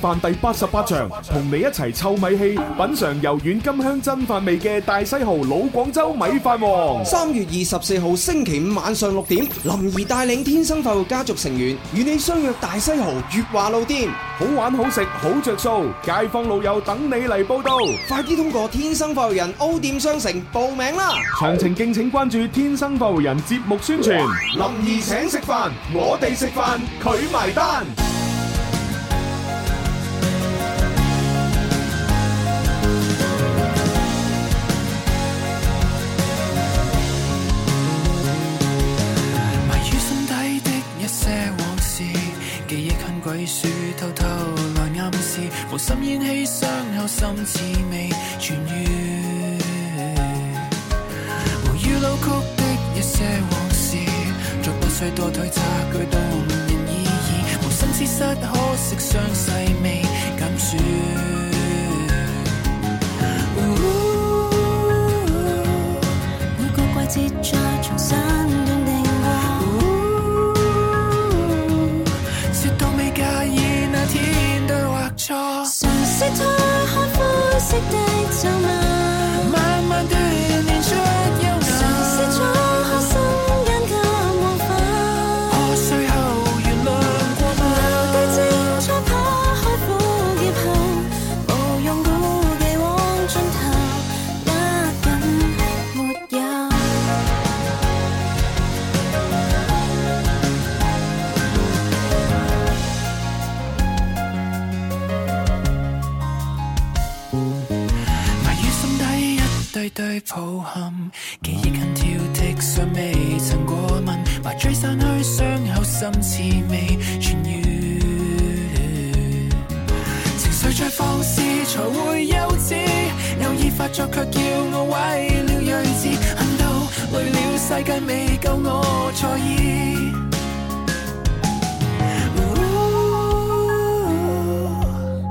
飯第八十八場，同你一齊臭米氣，品嘗柔軟甘香真飯味嘅大西豪老廣州米飯王。三月二十四號星期五晚上六點，林兒帶領天生發育家族成員，與你相約大西豪月華路店，好玩好食好着數，街坊老友等你嚟報到，快啲通過天生發育人 O 店商城報名啦！詳情敬請關注天生發育人節目宣傳。林兒請食飯，我哋食飯，佢埋單。心似美。抱憾，記憶很挑剔，尚未曾過敏，麻醉散去，傷口深似未痊愈。情緒在放肆，才會幼稚。有意發作，卻叫我毀了睿智。恨到累了，世界未夠我在意。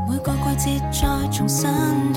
每個季節再重新。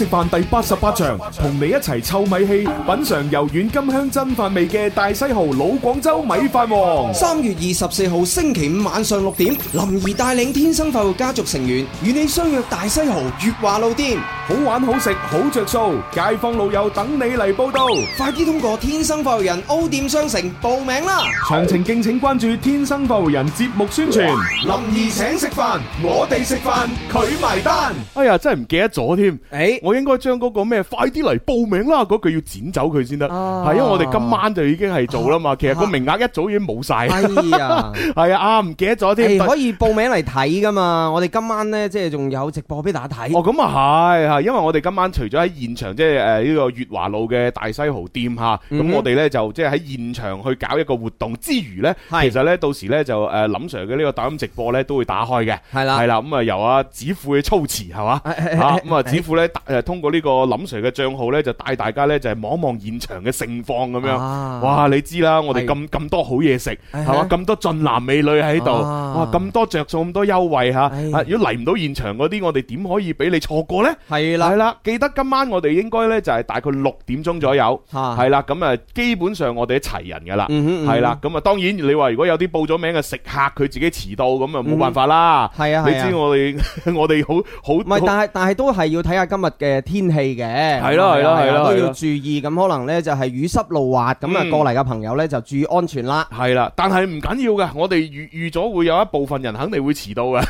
食飯第八十八場，同你一齊臭米氣，品嘗柔軟甘香真飯味嘅大西豪老廣州米飯王。三月二十四號星期五晚上六點，林兒帶領天生快活家族成員，與你相約大西豪月華路店。好玩好食好着數，街坊老友等你嚟報到，快啲通過天生快活人 O 店商城報名啦！詳情敬請關注天生快活人節目宣傳。林兒請食飯，我哋食飯，佢埋單。哎呀，真係唔記得咗添。誒、欸，我應該將嗰個咩？快啲嚟報名啦！嗰句要剪走佢先得，係、啊、因為我哋今晚就已經係做啦嘛。啊、其實個名額一早已經冇晒。係啊，啊唔、哎呀 哎、記得咗添。可以報名嚟睇噶嘛？哎哎、嘛我哋今晚咧即係仲有直播俾大家睇。哦，咁啊係係。因為我哋今晚除咗喺現場，即係誒呢個越華路嘅大西豪店吓，咁我哋咧就即係喺現場去搞一個活動之餘咧，其實咧到時咧就誒林 Sir 嘅呢個抖音直播咧都會打開嘅，係啦係啦，咁啊由阿子富去操持係嘛，啊咁啊子富咧誒通過呢個林 Sir 嘅賬號咧就帶大家咧就係望一望現場嘅盛況咁樣，哇你知啦，我哋咁咁多好嘢食係嘛，咁多俊男美女喺度，哇咁多着數咁多優惠吓，啊如果嚟唔到現場嗰啲，我哋點可以俾你錯過咧？係啦，記得今晚我哋應該咧就係大概六點鐘左右，係啦，咁啊基本上我哋一齊人噶啦，係啦，咁啊當然你話如果有啲報咗名嘅食客佢自己遲到咁啊冇辦法啦，係啊，你知我哋我哋好好唔係，但係但係都係要睇下今日嘅天氣嘅，係啦係啦係啦，都要注意，咁可能咧就係雨濕路滑，咁啊過嚟嘅朋友咧就注意安全啦，係啦，但係唔緊要嘅，我哋預預咗會有一部分人肯定會遲到嘅，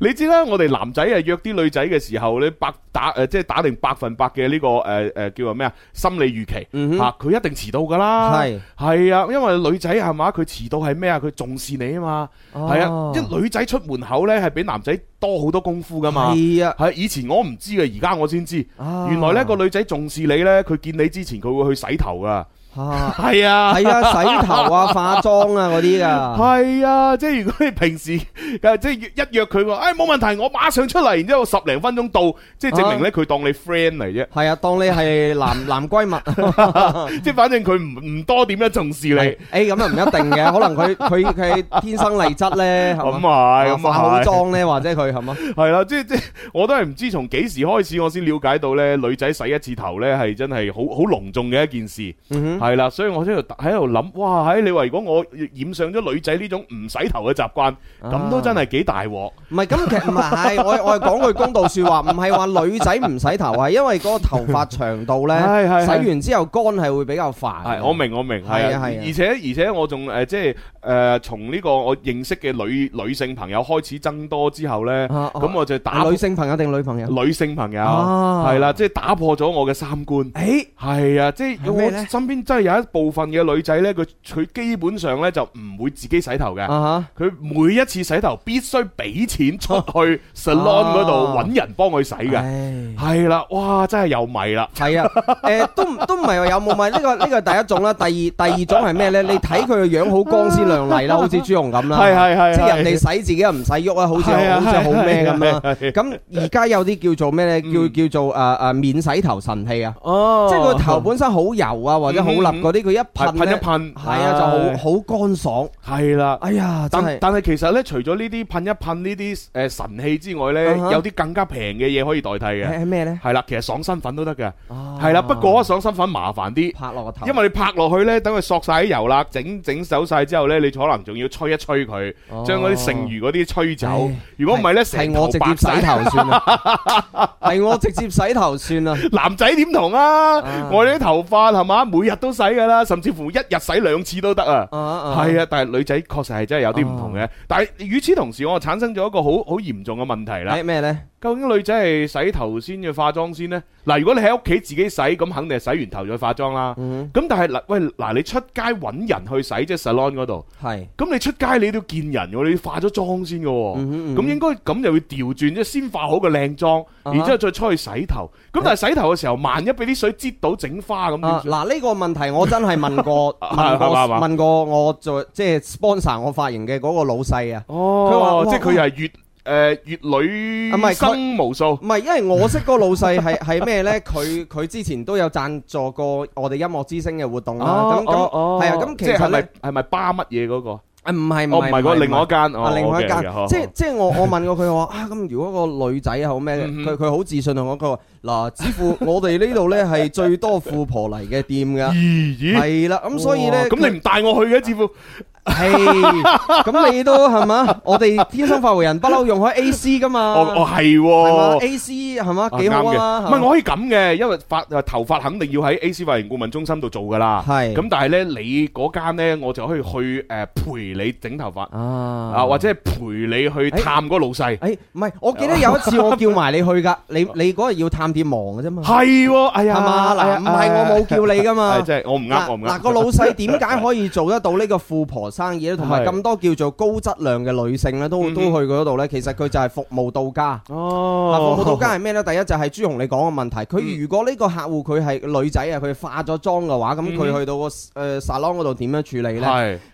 你知啦，我哋男仔啊約啲女仔嘅時候。你百打誒，即係打定百分百嘅呢、這個誒誒、呃，叫做咩啊？心理預期吓，佢、嗯哼啊、一定遲到噶啦。係係是啊，因為女仔係嘛，佢遲到係咩啊？佢重視你啊嘛。係、哦、啊，即女仔出門口咧，係比男仔多好多功夫噶嘛。係啊，係、啊、以前我唔知嘅，而家我先知。原來咧個女仔重視你咧，佢見你之前佢會去洗頭噶。啊，係啊，係啊， 洗頭啊，化妝啊，嗰啲㗎，係啊，即係如果你平時，即係一約佢話，誒、哎，冇問題，我馬上出嚟，然之後十零分鐘到，即係證明咧，佢當你 friend 嚟啫。係啊，啊，當你係男 男閨歸蜜， 即係反正佢唔唔多點樣重視你。誒、啊，咁啊唔一定嘅，可能佢佢佢天生麗質咧，咁係、 啊、化好妝咧，或者佢係嘛？係啦、 啊，即係即係，我都係唔知從幾時開始，我先了解到咧，女仔洗一次頭咧，係真係好好隆重嘅一件事。嗯哼、mm。Hmm. 係啦，所以我喺度喺度諗，哇！喺、哎、你話如果我染上咗女仔呢種唔洗頭嘅習慣，咁、啊、都真係幾大鑊。唔係，咁其實唔係我我係講句公道說話，唔係話女仔唔洗頭啊， 因為嗰個頭髮長度呢， 洗完之後乾係會比較煩。我明我明，係啊係啊。而且而且我仲誒、呃、即係。誒，從呢個我認識嘅女女性朋友開始增多之後呢，咁我就打女性朋友定女朋友？女性朋友係啦，即係打破咗我嘅三觀。誒，係啊，即係我身邊真係有一部分嘅女仔呢，佢佢基本上呢就唔會自己洗頭嘅，佢每一次洗頭必須俾錢出去 salon 嗰度揾人幫佢洗嘅，係啦，哇，真係有米啦。係啊，都唔係話有冇米。呢個呢個係第一種啦，第二第二種係咩呢？你睇佢個樣好光鮮亮例啦，好似豬紅咁啦，即係人哋洗自己又唔使喐啊，好似好，好似好咩咁啦。咁而家有啲叫做咩咧？叫叫做誒誒，免洗頭神器啊！哦，即係個頭本身好油啊，或者好笠嗰啲，佢一噴咧，噴一噴，係啊，就好好乾爽。係啦，哎呀，但但係其實咧，除咗呢啲噴一噴呢啲誒神器之外咧，有啲更加平嘅嘢可以代替嘅。咩咧？係啦，其實爽身粉都得嘅，係啦。不過爽身粉麻煩啲，拍落個頭，因為你拍落去咧，等佢索晒啲油啦，整整手晒之後咧。你可能仲要吹一吹佢，將嗰啲剩餘嗰啲吹走。如果唔係咧，成頭白頭算啦。係我直接洗頭算啦。 男仔點同啊？啊，我哋啲頭髮係咪每日都洗㗎啦，甚至乎一日洗兩次都得啊。係啊，啊啊，但係女仔確實係真係有啲唔同嘅。啊、但係與此同時，我產生咗一個好好嚴重嘅問題啦。咩咧？究竟女仔係洗頭先定化妝先呢？嗱，如果你喺屋企自己洗，咁肯定係洗完頭再化妝啦。咁但係嗱，喂，嗱，你出街揾人去洗即係 salon 嗰度，係。咁你出街你都要見人喎，你要化咗妝先㗎喎。咁應該咁就會調轉，即係先化好個靚妝，然之後再出去洗頭。咁但係洗頭嘅時候，萬一俾啲水擠到整花咁點。嗱，呢個問題我真係問過問過問過我就即係 sponsor 我髮型嘅嗰個老細啊。佢話即係佢係粵。誒，閱女生無數，唔係，因為我識嗰老細係係咩咧？佢佢之前都有贊助過我哋音樂之星嘅活動啊，咁咁係啊，咁其實係咪係咪巴乜嘢嗰個？誒，唔係我唔係嗰另外一間另外一間，即係即係我我問過佢話啊，咁如果個女仔好咩？佢佢好自信同我講，嗱，支付我哋呢度咧係最多富婆嚟嘅店噶，係啦，咁所以咧，咁你唔帶我去嘅支付？係咁，你都係嘛？我哋天生髮護人不嬲用開 AC 噶嘛。哦哦，係喎，AC 係嘛，幾好啊。唔係我可以咁嘅，因為發頭髮肯定要喺 AC 髮型顧問中心度做噶啦。係咁，但係咧你嗰間咧，我就可以去誒陪你整頭髮啊，或者係陪你去探嗰老細。誒，唔係，我記得有一次我叫埋你去噶，你你嗰日要探店忙嘅啫嘛。係喎，係嘛？嗱，唔係我冇叫你噶嘛。即係我唔啱，我唔啱。嗱，個老細點解可以做得到呢個富婆？生意同埋咁多叫做高質量嘅女性咧，都都去嗰度呢。其實佢就係服務到家。哦，服務到家係咩呢？第一就係朱紅你講嘅問題，佢如果呢個客戶佢係女仔啊，佢化咗妝嘅話，咁佢去到個誒 salon 嗰度點樣處理呢？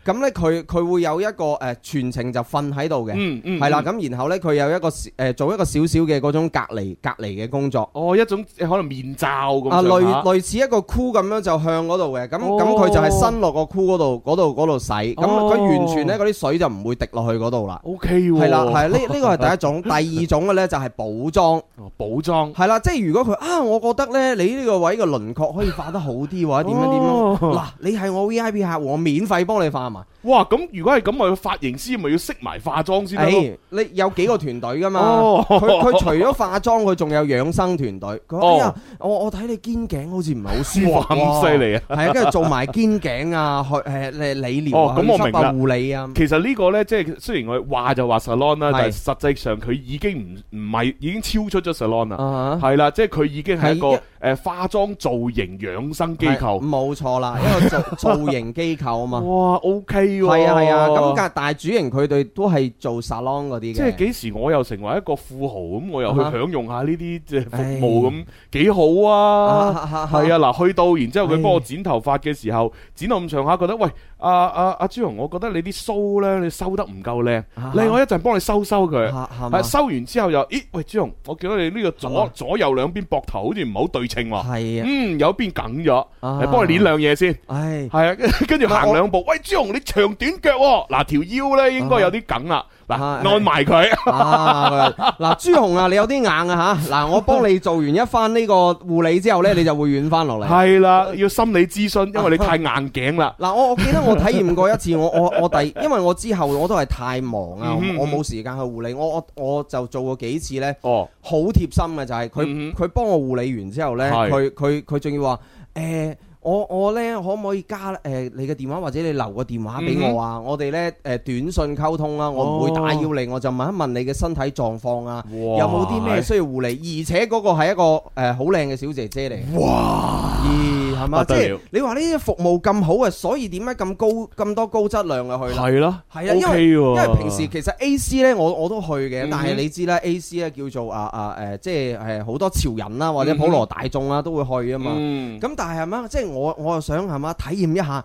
咁呢，佢佢會有一個誒全程就瞓喺度嘅。係啦，咁然後呢，佢有一個誒做一個少少嘅嗰種隔離隔離嘅工作。哦，一種可能面罩咁。啊，類類似一個箍咁樣就向嗰度嘅。咁咁佢就係伸落個箍嗰度嗰度嗰度洗。佢完全咧，嗰啲水就唔會滴落去嗰度啦。O K 喎，係啦，係呢呢個係第一種。 第二種嘅咧就係、是、補妝。哦、補妝係啦，即係如果佢啊，我覺得咧，你呢個位嘅輪廓可以化得好啲， 或者點樣點樣嗱， 你係我 V I P 客戶，我免費幫你化埋。哇！咁如果係咁，咪髮型師咪要識埋化妝先咯。你有幾個團隊噶嘛？佢佢除咗化妝，佢仲有養生團隊哎呀，我我睇你肩頸好似唔係好舒服，咁犀利啊！係啊，跟住做埋肩頸啊，去誒誒理療啊，咁我明白，護理啊。其實呢個咧，即係雖然佢話就話 salon 啦，但係實際上佢已經唔唔係，已經超出咗 salon 啦。係啦，即係佢已經係一個誒化妝造型養生機構。冇錯啦，一個造造型機構啊嘛。哇，OK。係啊係啊，咁架大主營佢哋都係做 salon 嗰啲嘅。即係幾時我又成為一個富豪咁，我又去享用下呢啲即係服務咁，幾好啊！係啊，嗱，去到然之後佢幫我剪頭髮嘅時候，剪到咁長下，覺得喂阿阿阿朱紅，我覺得你啲鬚咧，你收得唔夠靚，靚我一陣幫你收收佢。係收完之後又，咦喂朱紅，我見到你呢個左左右兩邊膊頭好似唔係好對稱喎。係啊，嗯，有一邊梗咗，你幫佢捻兩嘢先。係，係啊，跟住行兩步，喂朱紅，你用短腳嗱、哦，條腰呢應該有啲梗啦，嗱，按埋佢。嗱、啊，朱紅啊，你有啲硬啊吓，嗱、啊，我幫你做完一番呢個護理之後呢，你就會軟翻落嚟。係啦，要心理諮詢，因為你太硬頸啦。嗱、啊，我、啊啊啊啊啊啊、我記得我體驗過一次，我我我，我第，因為我之後我都係太忙啊，嗯、哼我冇時間去護理，我我我就做過幾次呢，哦貼，好貼心嘅就係佢佢幫我護理完之後呢，佢佢佢仲要話誒。欸我我呢可唔可以加誒、呃、你嘅電話或者你留個電話俾我啊？嗯、哼我哋呢，誒、呃、短信溝通啦、啊。哦、我唔會打擾你，我就問一問你嘅身體狀況啊，哇有冇啲咩需要護理，而且嗰個係一個誒好靚嘅小姐姐嚟。哇係嘛？即係、就是、你話呢啲服務咁好啊，所以點解咁高咁多高質量嘅去？係咯、啊，係啊 Okay 因，因為平時其實 A C 咧，我我都去嘅，mm hmm. 但係你知啦，A C 咧叫做啊啊誒，即係誒好多潮人啦，或者普羅大眾啦、mm hmm. 都會去啊嘛。咁但係係嘛？即係、就是、我我又想係嘛體驗一下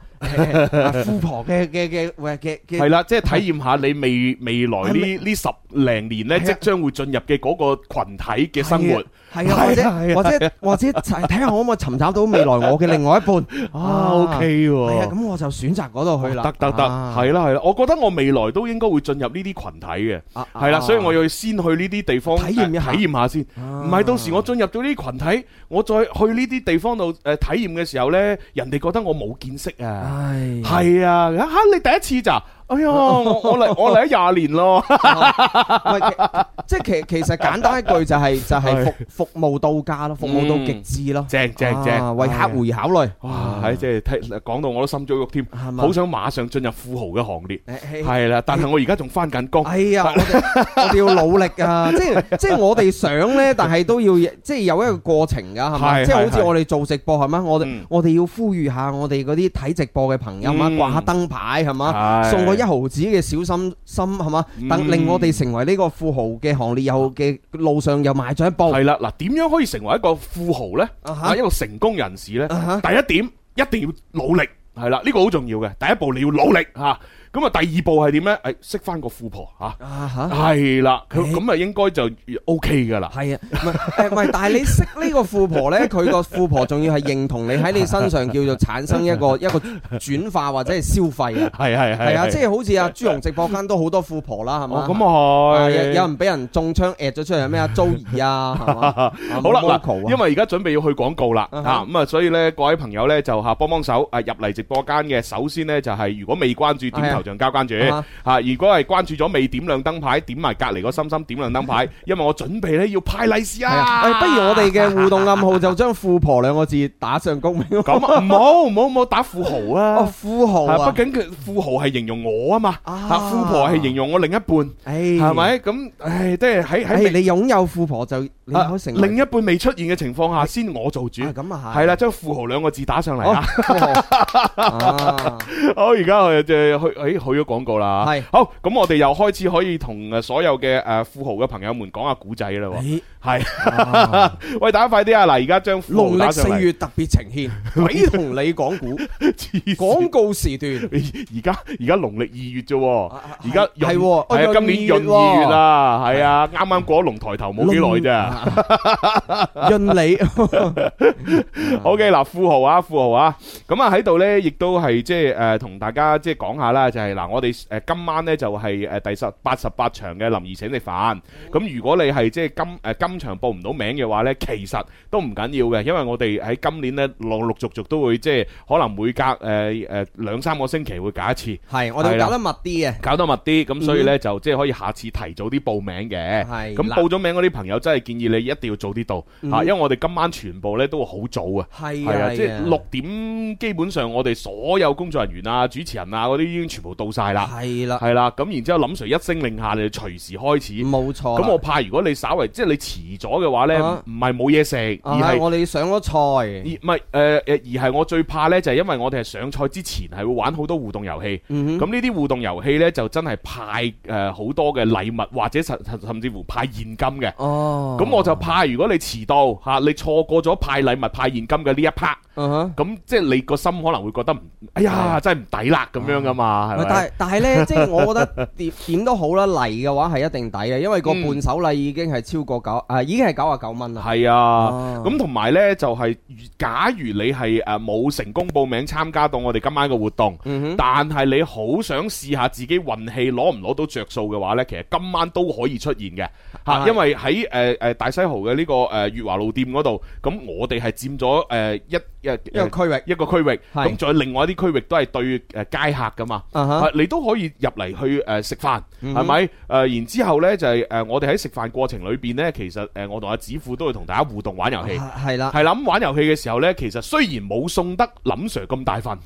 富婆嘅嘅嘅嘅嘅。係啦、 啊，即係、 啊就是、體驗下你未未來呢呢 十零年咧，即將會進入嘅嗰個羣體嘅生活。 是啊啊係啊，或者或者睇下可唔可以尋找到未來我嘅另外一半啊？OK，咁我就選擇嗰度去啦。得得得，係啦係啦，我覺得我未來都應該會進入呢啲群體嘅，係啦，所以我又要先去呢啲地方體驗下先。唔係到時我進入到呢啲群體，我再去呢啲地方度誒體驗嘅時候呢，人哋覺得我冇見識啊，係啊，吓你第一次咋？哎呀，我嚟我嚟咗廿年咯，即係其其實簡單一句就係就係服服務到家咯，服務到極致咯，正正正，為客戶而考慮，哇，係即係講到我都心足肉添，好想馬上進入富豪嘅行列，係啦，但係我而家仲翻緊工，係啊，我哋要努力啊，即係即係我哋想咧，但係都要即係有一個過程噶，係咪？即係好似我哋做直播係嘛，我哋我哋要呼籲下我哋嗰啲睇直播嘅朋友嘛，掛下燈牌係嘛，送一毫子嘅小心心係嘛，等令、嗯、我哋成為呢個富豪嘅行列又嘅路上又邁進一步。係啦，嗱，點樣可以成為一個富豪呢？Uh huh. 一個成功人士呢？Uh huh. 第一點一定要努力，係啦，呢、呢個好重要嘅。第一步你要努力吓。咁啊，第二步係點咧？誒，識翻個富婆吓，係啦，咁啊應該就 OK 噶啦。係啊，唔係誒，唔係，但係你識呢個富婆咧，佢個富婆仲要係認同你喺你身上叫做產生一個一個轉化或者係消費啊。係係係啊，即係好似阿朱紅直播間都好多富婆啦，係嘛？咁啊係，有人俾人中槍 at 咗出嚟，咩阿周儀啊，係嘛？好啦，嗱，因為而家準備要去廣告啦，吓咁啊，所以咧，各位朋友咧就吓幫幫手，誒入嚟直播間嘅，首先咧就係如果未關注點。頭像加關注吓，如果係關注咗未點亮燈牌，點埋隔籬個心心點亮燈牌，因為我準備咧要派利是啊！不如我哋嘅互動暗號就將富婆兩個字打上公屏，咁唔好唔好唔好打富豪啊！富豪啊，畢竟富豪係形容我啊嘛，富婆係形容我另一半，係咪？咁唉，即係喺喺你擁有富婆就你好成另一半未出現嘅情況下，先我做主，咁啊係，係啦，將富豪兩個字打上嚟啊！好，而家我哋去。俾去咗廣告啦，係，好，咁我哋又開始可以同誒所有嘅誒富豪嘅朋友們講下古仔啦，係，喂，大家快啲啊！嗱，而家將農曆四月特別呈現鬼同你講古，廣告時段，而而家而家農曆二月啫，而家係係今年閏二月啊，係啊，啱啱過咗龍抬頭冇幾耐啫，閏你，OK 嗱，富豪啊，富豪啊，咁啊喺度咧，亦都係即係誒同大家即係講下啦。係嗱，我哋誒今晚咧就係、是、誒第十八十八場嘅林二醒你飯。咁如果你係即係今誒今場報唔到名嘅話咧，其實都唔緊要嘅，因為我哋喺今年咧陸陸續續都會即係可能每隔誒誒、呃、兩三個星期會搞一次。係的，的我哋搞得密啲嘅，搞得密啲。咁所以咧、嗯、就即係可以下次提早啲報名嘅。係的。咁報咗名嗰啲朋友真係建議你一定要早啲到嚇，嗯、因為我哋今晚全部咧都會好早啊。係啊的的，即係六點基本上我哋所有工作人員啊、主持人啊嗰啲已經全部。到晒啦，係啦，係啦，咁然之後，林 Sir 一聲令下，你就隨時開始，冇錯。咁我怕如果你稍為即係你遲咗嘅話呢，唔係冇嘢食，而係我哋上咗菜，而唔係誒而係我最怕呢，就係因為我哋係上菜之前係會玩好多互動遊戲，咁呢啲互動遊戲呢，就真係派誒好多嘅禮物或者甚甚至乎派現金嘅。哦，咁我就怕如果你遲到吓，你錯過咗派禮物派現金嘅呢一 part，咁即係你個心可能會覺得唔，哎呀，真係唔抵啦咁樣噶嘛。 但係但係咧， 即係我覺得點點都好啦，嚟嘅話係一定抵嘅，因為個伴手禮已經係超過九啊，已經係九啊九蚊啦。係啊，咁同埋呢，就係，假如你係誒冇成功報名參加到我哋今晚嘅活動，嗯、哼 但係你好想試下自己運氣攞唔攞到着數嘅話呢，其實今晚都可以出現嘅嚇，因為喺誒誒大西豪嘅呢個誒越華路店嗰度，咁我哋係佔咗誒一。一個區域，一個區域，咁再另外一啲區域都係對誒街客噶嘛，你都可以入嚟去誒食飯，係咪？誒然之後咧就係誒我哋喺食飯過程裏邊呢，其實誒我同阿子富都會同大家互動玩遊戲，係啦，係啦。咁玩遊戲嘅時候呢，其實雖然冇送得林 Sir 咁大份，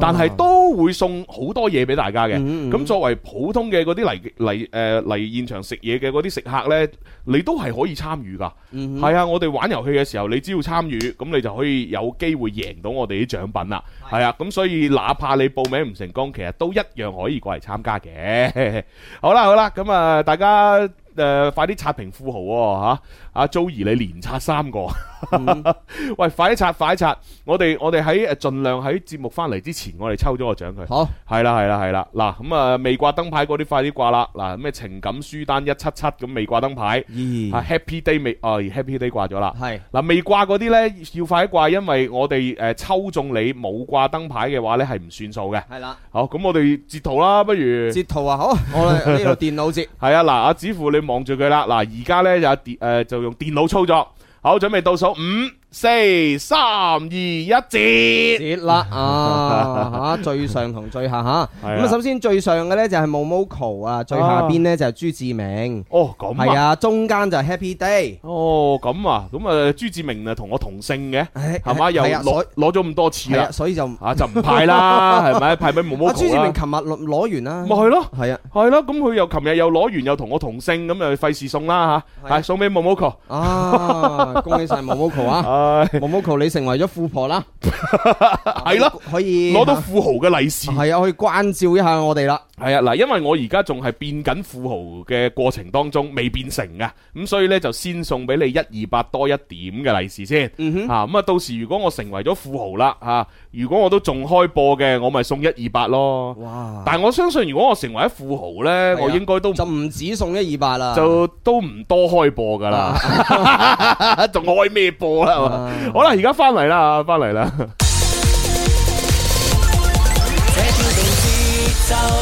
但係都會送好多嘢俾大家嘅。咁作為普通嘅嗰啲嚟嚟誒嚟現場食嘢嘅嗰啲食客呢，你都係可以參與噶。係啊，我哋玩遊戲嘅時候，你只要參與，咁你就可以有機會。會贏到我哋啲獎品啦，係啊的，咁所以哪怕你報名唔成功，其實都一樣可以過嚟參加嘅。 好啦，好啦，咁啊，大家。誒、呃，快啲刷屏富豪吓、哦，阿、啊、j o e 你連刷三個，嗯、哈哈喂，快啲刷，快啲刷，我哋我哋喺誒盡量喺節目翻嚟之前，我哋抽咗個獎佢。好，係啦係啦係啦，嗱咁啊未掛燈牌嗰啲快啲掛啦，嗱咩情感書單一七七咁未掛燈牌、欸啊、，Happy Day 未，哦 Happy Day 掛咗啦，係嗱是未掛嗰啲咧要快啲掛，因為我哋誒、呃、抽中你冇掛燈牌嘅話咧係唔算數嘅。係啦的，好，咁我哋截圖啦，不如。截圖啊，好，我呢度電腦截。係啊， 嗱，阿子富你。望住佢啦，嗱，而家咧就有電誒，就用電腦操作，好，準備倒數五。四三二一，折折啦，啊，吓，最上同最下，吓，咁啊，首先最上嘅咧就係毛毛球啊，最下邊咧就係朱志明哦，咁係啊，中間就係 Happy Day，哦，咁啊，咁啊，朱志明啊，同我同姓嘅係嘛？又攞攞咗咁多次啊，所以就啊，就唔派啦，係咪派俾毛毛球啊？朱志明琴日攞攞完啦，咪係咯，係啊，係咯，咁佢又琴日又攞完又同我同姓，咁啊，費事送啦，吓，係送俾毛毛球啊，恭喜晒毛毛球啊！我係毛毛，你成為咗富婆啦，係咯 的，可以攞到富豪嘅利是，係啊，可以關照一下我哋啦。係啊，嗱，因為我而家仲係變緊富豪嘅過程當中，未變成啊，咁所以呢，就先送俾你一二百多一點嘅利是先，嗯、哼啊，咁啊到時如果我成為咗富豪啦，啊，如果我都仲開播嘅，我咪送一二百咯。哇！但係我相信如果我成為咗富豪呢，啊、我應該都就唔止送一二百啦，就都唔多開播噶啦，仲 開咩播啦？啊、好啦，而家翻嚟啦，翻嚟啦。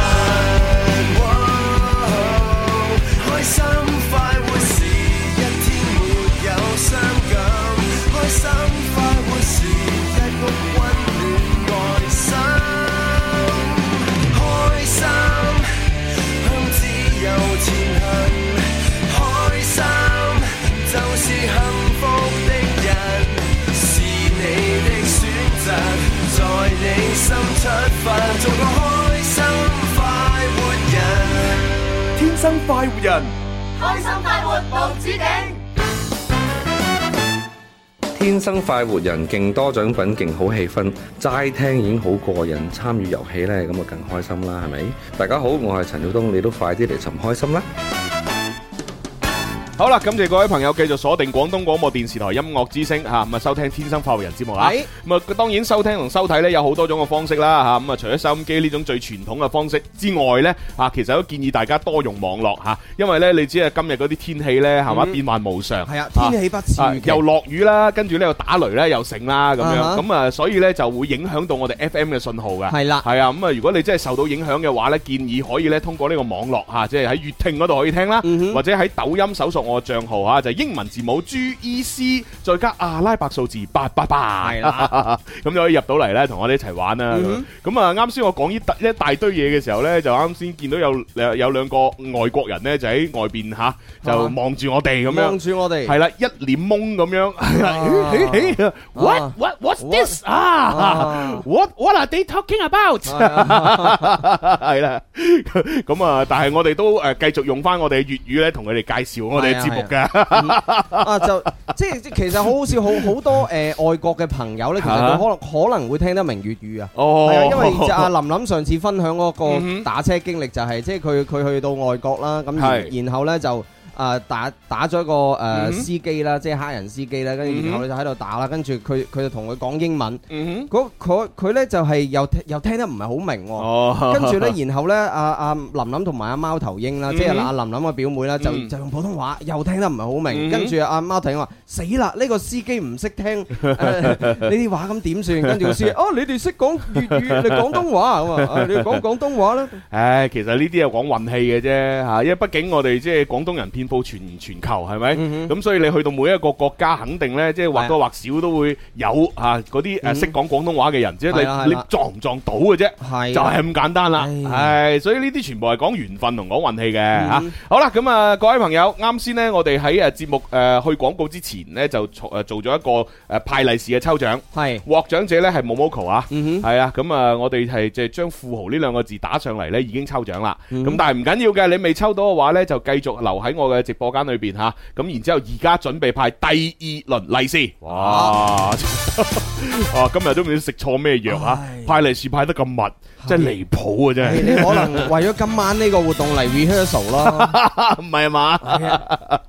做個開心快活人，天生快活人，開心快活無止境。天生快活人，勁多獎品，勁好氣氛，齋聽已經好過癮，參與遊戲呢，咁啊更開心啦，係咪？大家好，我係陳曉東，你都快啲嚟尋開心啦！好啦，感謝各位朋友繼續鎖定廣東廣播電視台音樂之聲吓，咁啊收聽天生發育人節目啦。係，咁啊當然收聽同收睇咧，有好多種嘅方式啦吓，咁啊除咗收音機呢種最傳統嘅方式之外咧，啊其實都建議大家多用網絡吓，因為咧你知啊今日嗰啲天氣咧係嘛變幻無常，係啊天氣不善又落雨啦，跟住咧又打雷咧又成啦咁樣，咁啊所以咧就會影響到我哋 F.M. 嘅信號噶係啦，係啊，咁啊如果你真係受到影響嘅話咧，建議可以咧通過呢個網絡吓，即係喺粵聽嗰度可以聽啦，或者喺抖音搜索個賬號吓，就英文字母 GEC 再加阿拉伯數字八八八，咁就可以入到嚟，咧，同我哋一齊玩啦。咁啊，啱先我講呢一大堆嘢嘅時候咧，就啱先見到有有有兩個外國人咧，就喺外邊吓，就望住我哋咁樣，望住我哋，係啦，一臉懵咁樣。What what what's this 啊？What what are they talking about？係啦，咁啊，但係我哋都誒繼續用翻我哋粵語咧，同佢哋介紹我哋。節目嘅，啊就即係其實好好笑，好好多誒、呃、外國嘅朋友咧，其實佢可能可能會聽得明粵語啊。哦，因為阿林林上次分享嗰個打車經歷就係、是，即係佢佢去到外國啦，咁然後咧就。啊打打咗個誒司機啦，即係黑人司機啦，跟住然後咧就喺度打啦，跟住佢佢就同佢講英文，嗰佢佢咧就係又又聽得唔係好明，跟住咧然後咧阿阿琳琳同埋阿貓頭鷹啦，即係阿琳琳嘅表妹啦，就就用普通話又聽得唔係好明，跟住阿貓頭鷹話死啦，呢個司機唔識聽呢啲話，咁點算？跟住個司機哦，你哋識講粵語，你廣東話啊？你講廣東話啦？唉，其實呢啲係講運氣嘅啫吓，因為畢竟我哋即係廣東人偏。遍佈全全球，係咪？咁、嗯、哼所以你去到每一個國家，肯定咧，即係或多或少都會有啊，嗰啲誒識講廣東話嘅人，即係、嗯、你、嗯、你，你撞唔撞到嘅啫，係、嗯、哼就係咁簡單啦。係、哎呀，所以呢啲全部係講緣分同講運氣嘅吓。嗯、哼好啦，咁啊，各位朋友，啱先咧，我哋喺誒節目誒去廣告之前咧，就誒做咗一個誒派利是嘅抽獎，係獲獎者咧，係毛毛球啊，係、嗯、哼啊，咁啊，我哋係即係將富豪呢兩個字打上嚟咧，已經抽獎啦。咁、嗯、哼但係唔緊要嘅，你未抽到嘅話咧，就繼續留喺我。喺直播間裏邊吓，咁、啊、然之後而家準備派第二輪利是，哇！哦、 啊，今日都唔知食錯咩藥啊！哎、派利是派得咁密。即係離譜啊！真係的 你可能為咗今晚呢個活動嚟 rehearsal 咯，唔係嘛？咁啊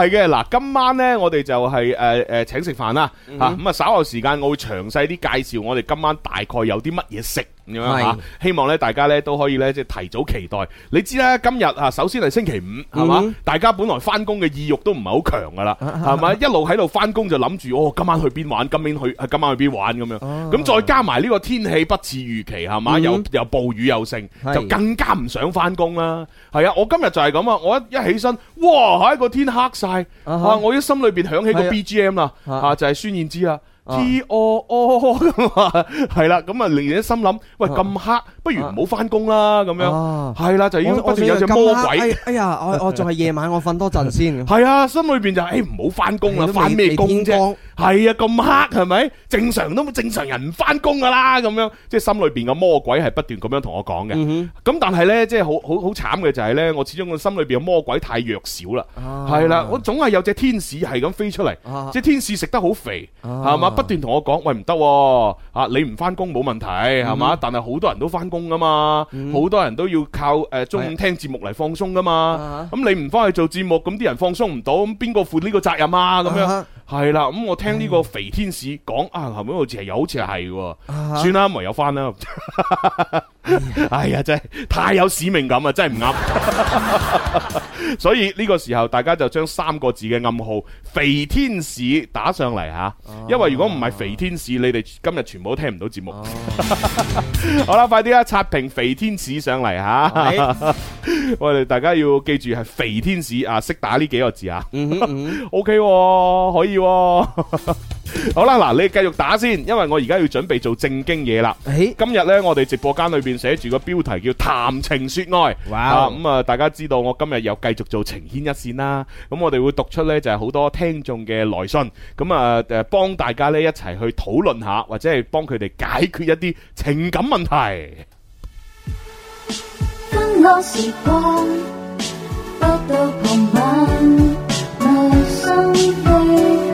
係嘅，嗱，今晚咧我哋就係誒誒請食飯啦吓，咁啊稍後時間我會詳細啲介紹我哋今晚大概有啲乜嘢食咁樣吓，希望咧大家咧都可以咧即係提早期待。你知啦，今日啊首先係星期五係嘛，嗯哼，大家本來翻工嘅意欲都唔係好強噶啦，係咪，嗯哼？一路喺度翻工就諗住哦今晚去邊玩，今年去今晚去邊玩咁樣，咁、啊、再加埋呢個天氣不似預期係嘛。又暴雨又盛，是就更加唔想翻工啦。係啊，我今日就係咁、uh huh. 啊，我一一起身，哇、uh，個天黑晒，我啲心裏邊響起個 BGM 啦，就係孫燕姿啦，天哦，哦，咁啊，係啦，咁啊，令人心諗，喂，咁黑，不如唔好翻工啦，咁樣係啦，就已經不斷有隻魔鬼。哎呀，我我仲係夜晚，我瞓多陣先。係 啊，心裏邊就誒、是，唔好翻工啦，翻咩工啫？係啊，咁黑係咪？正常都正常人唔翻工噶啦，咁樣即係心裏邊嘅魔鬼係不斷咁樣同我講嘅。咁但係呢，即係好好好慘嘅就係呢：我始終個心裏邊嘅魔鬼太弱小啦。係啦，我總係有隻天使係咁飛出嚟，即係天使食得好肥，係嘛？不斷同我講，喂，唔得，啊你唔翻工冇問題，係嘛？但係好多人都翻工噶嘛，好多人都要靠誒中午聽節目嚟放鬆噶嘛。咁你唔翻去做節目，咁啲人放鬆唔到，咁邊個負呢個責任啊？咁樣係啦，咁我。聽呢個肥天使講啊，後面好似係又好似係嘅，uh huh。算啦，唯有翻啦。 哎呀，真係太有使命感啊，真係唔啱。 所以呢個時候，大家就將三個字嘅暗號“肥天使”打上嚟，吓，因為如果唔係肥天使，uh huh。你哋今日全部都聽唔到節目。Uh huh。 好啦，快啲啊，刷屏“肥天使”上嚟，吓。我哋、huh. 大家要記住係“肥天使”啊，識打呢幾個字啊。Uh huh。o、okay, 可以啊，可以啊 好啦，嗱你繼續打先，因為我而家要準備做正經嘢啦。欸、今日呢，我哋直播間裏邊寫住個標題叫談情說愛，咁 Wow. 啊、嗯、啊，大家知道我今日有繼續做情牽一綫啦。咁、嗯、我哋會讀出呢，就係、是、好多聽眾嘅來信，咁、嗯、啊，幫大家呢，一齊去討論下，或者係幫佢哋解決一啲情感問題。時光不到傍晚，陌生的。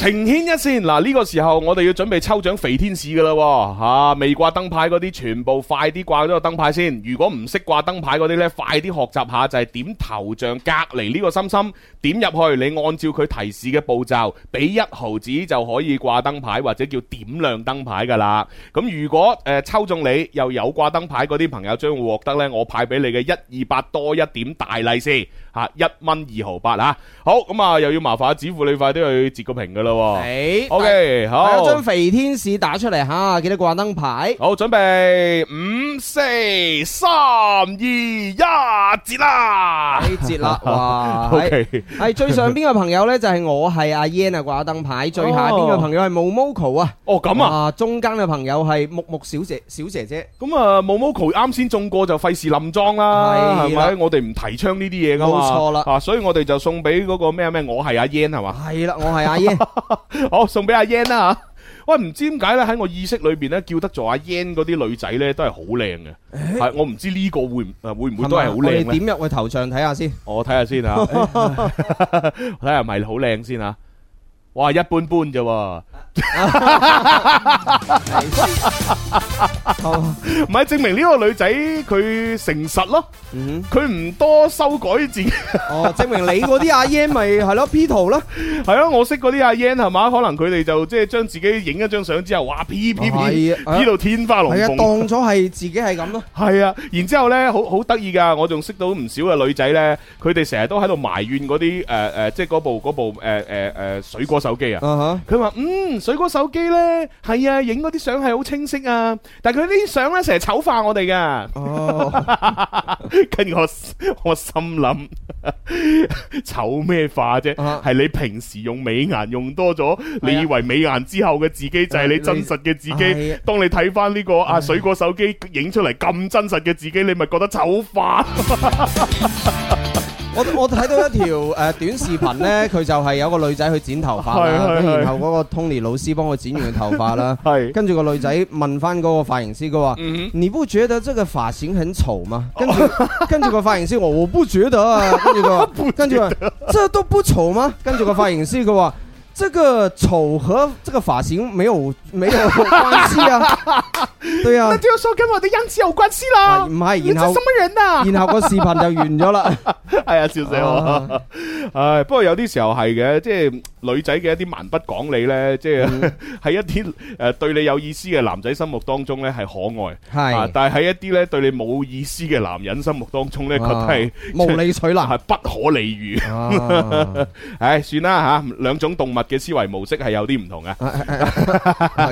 晴天一先嗱，呢、這個時候我哋要準備抽獎肥天使噶啦，吓、啊、未掛燈牌啲全部快啲掛咗個燈牌先。如果唔識掛燈牌啲咧，快啲學習下就係、是、點頭像隔籬呢個心心點入去，你按照佢提示嘅步驟俾一毫子就可以掛燈牌或者叫點亮燈牌噶啦。咁、啊、如果誒、呃、抽中你又有掛燈牌啲朋友，將會獲得咧我派俾你嘅一二八多一點大禮先吓一蚊二毫八吓。好咁啊，又要麻煩阿子富你快啲去截個屏噶啦。誒對，OK，好，有張肥天使打出嚟吓，記得掛燈牌。好，準備，五、四、三、二、一，截啦，截啦，哇係 Okay. 最上邊嘅朋友咧，就係我，係阿 Yan 啊，掛燈牌。最下邊嘅朋友係 Momoko 啊，哦，咁啊，中間嘅朋友係木木小姐小姐姐。咁、嗯、啊，Momoko 啱先中過就費事冧裝啦，係咪的吧、嗯？我哋唔提倡呢啲嘢噶冇錯啦。啊，所以我哋就送俾嗰個咩咩，我係阿 Yan 係嘛？係啦，我係阿 Yan, 好，送俾阿 Yan 啦吓。喂唔知點解咧喺我意識裏邊咧叫得做阿 Yan 嗰啲女仔咧都係好靚嘅，係、欸、我唔知呢個會唔會唔會都係好靚咧？點入去頭像睇下先，我睇下先吓、啊，睇下係咪好靚先吓、啊？哇，一般般咋？唔係 證明呢個女仔佢誠實咯，佢唔多修改自己。哦，證明你啲阿 Yen 咪係咯 P 圖咯，係咯， 我識啲阿 Yen 係嘛，可能佢哋就即係將自己影一張相之後，哇 P P P P 到天花龍鳳，當咗係自己係咁咯。係啊，然之後咧好好得意噶，我仲識到唔少嘅女仔咧，佢哋成日都喺度埋怨啲誒誒，即係部部誒誒誒水果手機啊。佢話嗯水果手機咧係啊，影啲相係好清晰。啊！但係佢啲相咧成日醜化我哋嘅、oh. 跟住我我心諗醜咩化啫？係、uh huh. 你平時用美顏用多咗，uh huh. 你以為美顏之後嘅自己就係你真實嘅自己？Uh huh. 當你睇翻呢個阿水果手機影出嚟咁真實嘅自己，你咪覺得醜化？Uh huh. 我我睇到一條誒短視頻呢，佢就係有個女仔去剪頭髮啦， 然後嗰個 Tony 老師幫佢剪完個頭髮啦，跟住 個女仔問翻嗰個髮型師佢話： 你不覺得這個髮型很醜嗎？ 跟住跟住個髮型師我我不覺得啊，跟住佢話， 得啊，跟住話，這都不醜嗎？跟住個髮型師佢話。這個醜和這個髮型沒有沒有關係啊， 對啊，那就說跟我的樣子有關係啦。唔係什麼人啊？然後， 然後個視頻就完咗啦。係 啊、 哎呀，笑死我。唉， 不過有啲時候係嘅，即係。女仔嘅一啲蠻不講理咧，即係喺一啲誒對你有意思嘅男仔心目當中咧係可愛，係，但係喺一啲咧對你冇意思嘅男人心目當中咧，佢都係無理取鬧，係不可理喻。唉，算啦吓，兩種動物嘅思維模式係有啲唔同嘅。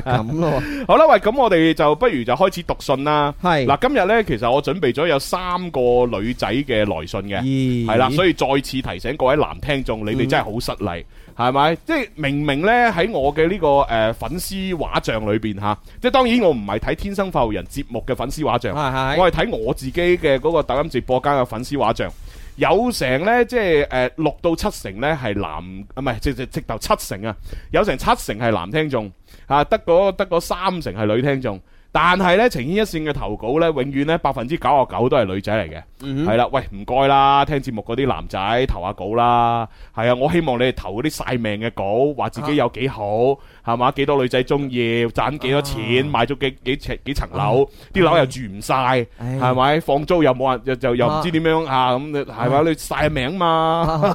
咁咯，好啦，喂，咁我哋就不如就開始讀信啦。係，嗱，今日咧其實我準備咗有三個女仔嘅來信嘅，係啦，所以再次提醒各位男聽眾，你哋真係好失禮。係咪？即係明明呢，喺我嘅呢、這個誒、呃、粉絲畫像裏邊吓、啊，即係當然我唔係睇《天生發育人》節目嘅粉絲畫像，是是是我係睇我自己嘅嗰個抖音直播間嘅粉絲畫像，有呢、呃、成呢，即係誒六到七成呢係男啊，唔係直直直頭七成啊，有成七成係男聽眾吓，得嗰得三成係女聽眾。但係咧，情牽一線嘅投稿咧，永遠咧百分之九十九都係女仔嚟嘅，係啦、嗯哼。喂，唔該啦，聽節目嗰啲男仔投下稿啦。係啊，我希望你哋投嗰啲晒命嘅稿，話自己有幾好，係嘛、啊啊？幾多女仔中意，賺幾多錢，買咗幾幾層幾層樓，啲、啊、樓又住唔晒，係咪、哎？放租又冇人，又又又唔知點樣啊？咁、啊、你係嘛？你晒命嘛？